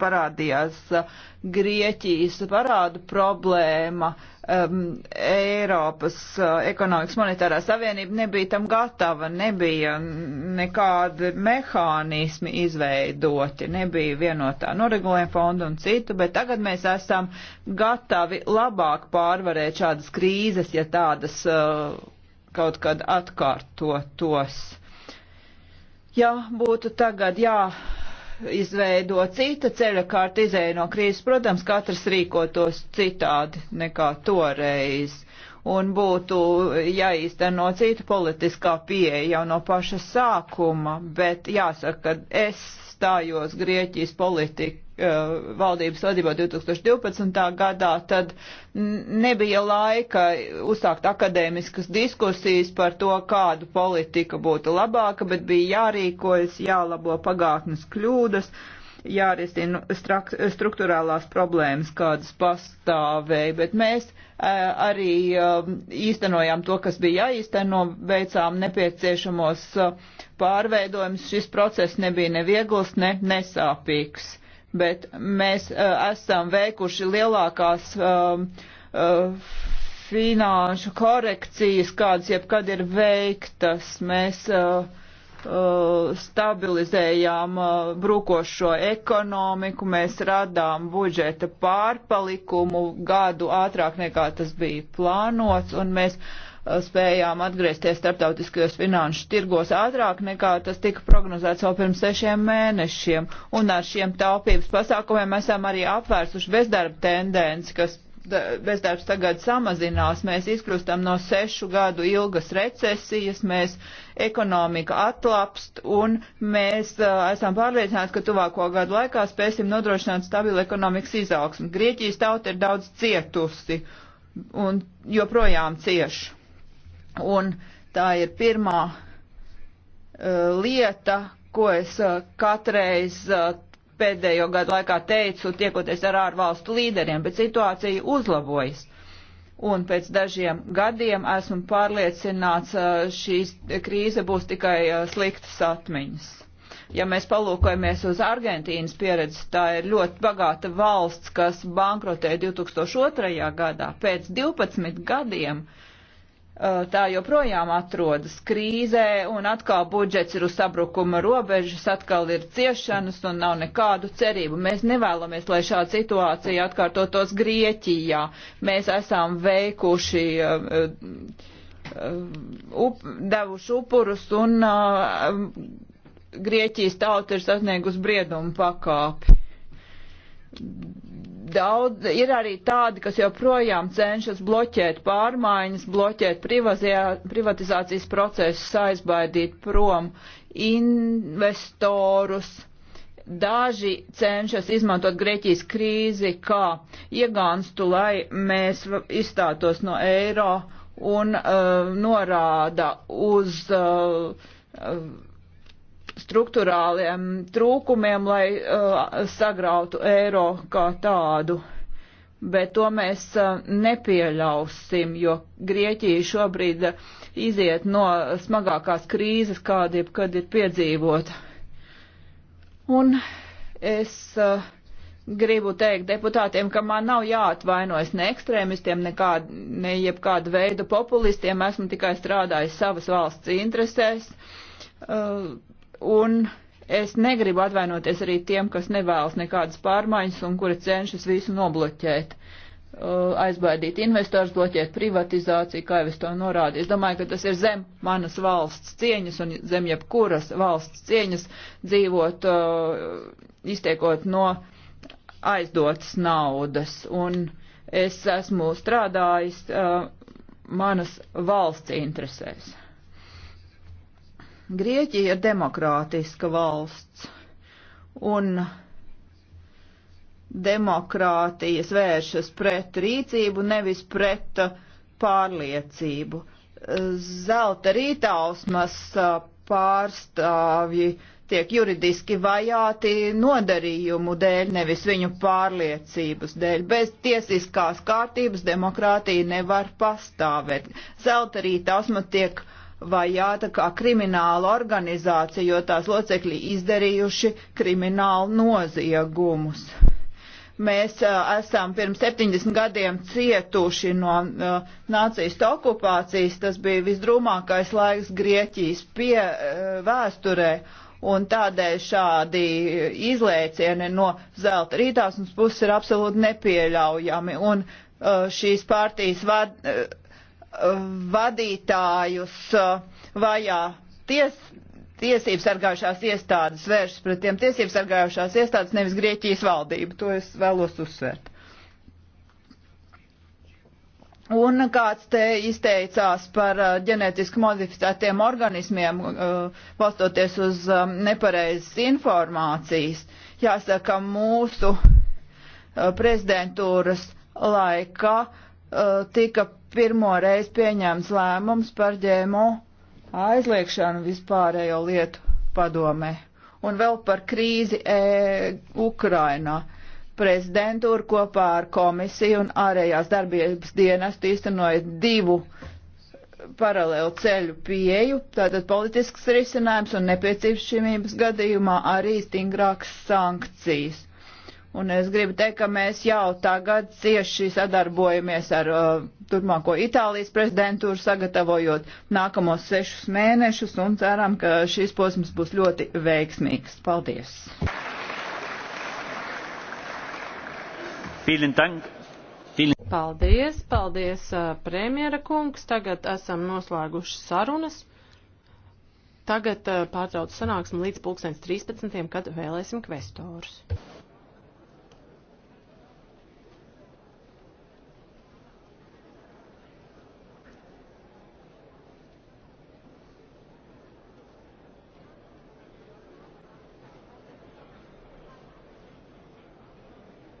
parādījās uh, Grieķijas parādu problēma, um, Eiropas uh, ekonomikas monetārā savienība nebija tam gatava, nebija nekādi mehānismi izveidoti, nebija vienotā noregulējuma fonda un citu, bet tagad mēs esam gatavi labāk pārvarēt šādas krīzes, ja tādas uh, kaut kad atkārtotos. Ja būtu tagad jā, izveido cita ceļa kārta izēja no krīzes, protams, katrs rīkotos citādi nekā toreiz. Un būtu jāīsteno cita politiskā pieeja jau no paša sākuma, bet jāsaka, ka es stājos Grieķijas politika eh, valdības vadībā 2012. gadā, tad nebija laika uzsākt akadēmiskas diskusijas par to, kādu politika būtu labāka, bet bija jārīkojas, jālabo pagātnes kļūdas, jārisina struktūrālās problēmas, kādas pastāvēja, bet mēs eh, arī eh, īstenojām to, kas bija jāīsteno, veicām nepieciešamos uh, pārveidojums. Šis process nebija neviegls, ne nesāpīgs, bet mēs uh, esam veikuši lielākās uh, uh, finanšu korekcijas, kādas jebkad ir veiktas. Mēs uh, uh stabilizējām uh, brūkošo ekonomiku, mēs radām budžeta pārpalikumu gadu ātrāk nekā tas bija plānots, un mēs uh, spējām atgriezties starptautiskajos finanšu tirgos ātrāk nekā tas tika prognozēts jau pirms sešiem mēnešiem. Un ar šiem taupības pasākumiem esam arī apvērsuši bezdarba tendenci, kas bezdarbs tagad samazinās, mēs izkrustam no sešu gadu ilgas recesijas, mēs ekonomika atlapst un mēs uh, esam pārliecināti, ka tuvāko gadu laikā spēsim nodrošināt stabilu ekonomikas izaugsmu. Grieķijas tauta ir daudz cietusi un joprojām cieši. Un tā ir pirmā uh, lieta, ko es uh, katreiz uh, pēdējo gadu laikā teicu, tiekoties ar ārvalstu līderiem, bet situācija uzlabojas. Un pēc dažiem gadiem esmu pārliecināts, uh, šī krīze būs tikai uh, sliktas atmiņas. Ja mēs palūkojamies uz Argentīnas pieredzi, tā ir ļoti bagāta valsts, kas bankrotēja 2002. gadā. Pēc 12 gadiem uh, Eh, tā joprojām atrodas krīzē, un atkal budžets ir uz sabrukuma robežas, atkal ir ciešanas un nav nekādu cerību. Mēs nevēlamies, lai šāda situācija atkārtotos Grieķijā. Mēs esam veikuši. Eh, eh, up, devuši upurus un uh, Grieķijas tauta ir sasniegusi briedumu pakāpi Daudz, ir arī tādi, kas joprojām cenšas bloķēt pārmaiņas, bloķēt privatizācijas procesus, aizbaidīt prom investorus. Daži cenšas izmantot Grieķijas krīzi kā iegānstu, lai mēs izstātos no eiro un uh, norāda uz uh, struktūrāliem trūkumiem, lai uh, sagrautu eiro kā tādu. Bet to mēs uh, nepieļausim, jo Grieķija šobrīd uh, iziet no smagākās krīzes, kāda jebkad ir piedzīvota. Un es uh, gribu teikt deputātiem, ka man nav jāatvainojas ne ekstrēmistiem, ne, kā, ne jebkāda veida populistiem. Esmu tikai strādājis savas valsts interesēs. Uh, Un es negribu atvainoties arī tiem, kas nevēlas nekādas pārmaiņas un kuri cenšas visu nobloķēt. Uh, aizbaidīt investors, bloķēt privatizāciju, kā jau es to norādīju. Es domāju, ka tas ir zem manas valsts cieņas un zem jebkuras valsts cieņas dzīvot, uh, iztiekot no aizdotas naudas. Un es esmu strādājis uh, manas valsts interesēs. Grieķija ir demokrātiska valsts, un demokrātijas vēršas pret rīcību, nevis pret uh, pārliecību. Zelta rītausmas uh, pārstāvji tiek juridiski vajāti nodarījumu dēļ, nevis viņu pārliecības dēļ. Bez tiesiskās kārtības demokrātija nevar pastāvēt. Zelta rītausma tiek uh, vajāta kā krimināla organizācija, jo tās locekļi izdarījuši kriminālu noziegumus. Mēs uh, esam pirms 70 gadiem cietuši no uh, nācijas okupācijas, tas bija visdrūmākais laiks Grieķijas pie uh, vēsturē, un tādēļ šādi izlēcieni no zelta rītās mums puses ir absolūti nepieļaujami, un uh, šīs partijas vad. Uh, vadītājus eh, vajā ties, tiesību sargājušās iestādes vēršas pret tiem tiesību sargājušās iestādes, nevis Grieķijas valdību. To es vēlos uzsvērt. Un kāds te izteicās par eh, ģenētiski modificētiem organismiem, eh, balstoties uz nepareizas informācijas. Jāsaka, mūsu prezidentūras laikā tika pirmo reizi pieņēms lēmums par ģēmo aizliekšanu vispārējo lietu padomē. Un vēl par krīzi e, Ukrainā. Prezidentūra kopā ar komisiju un ārējās darbības dienestu īstenoja divu paralēlu ceļu pieeju, tātad politisks risinājums un nepieciešamības gadījumā arī stingrākas sankcijas. Un es gribu teikt, ka mēs jau tagad cieši sadarbojamies ar uh, turpmāko Itālijas prezidentūru, sagatavojot nākamos sešus mēnešus un ceram, ka šis posms būs ļoti veiksmīgs. Paldies! Paldies, paldies, uh, premjera kungs. Tagad esam noslēguši sarunas. Tagad uh, pārtraucu sanāksmi līdz pulkstens 13, kad vēlēsim kvestorus.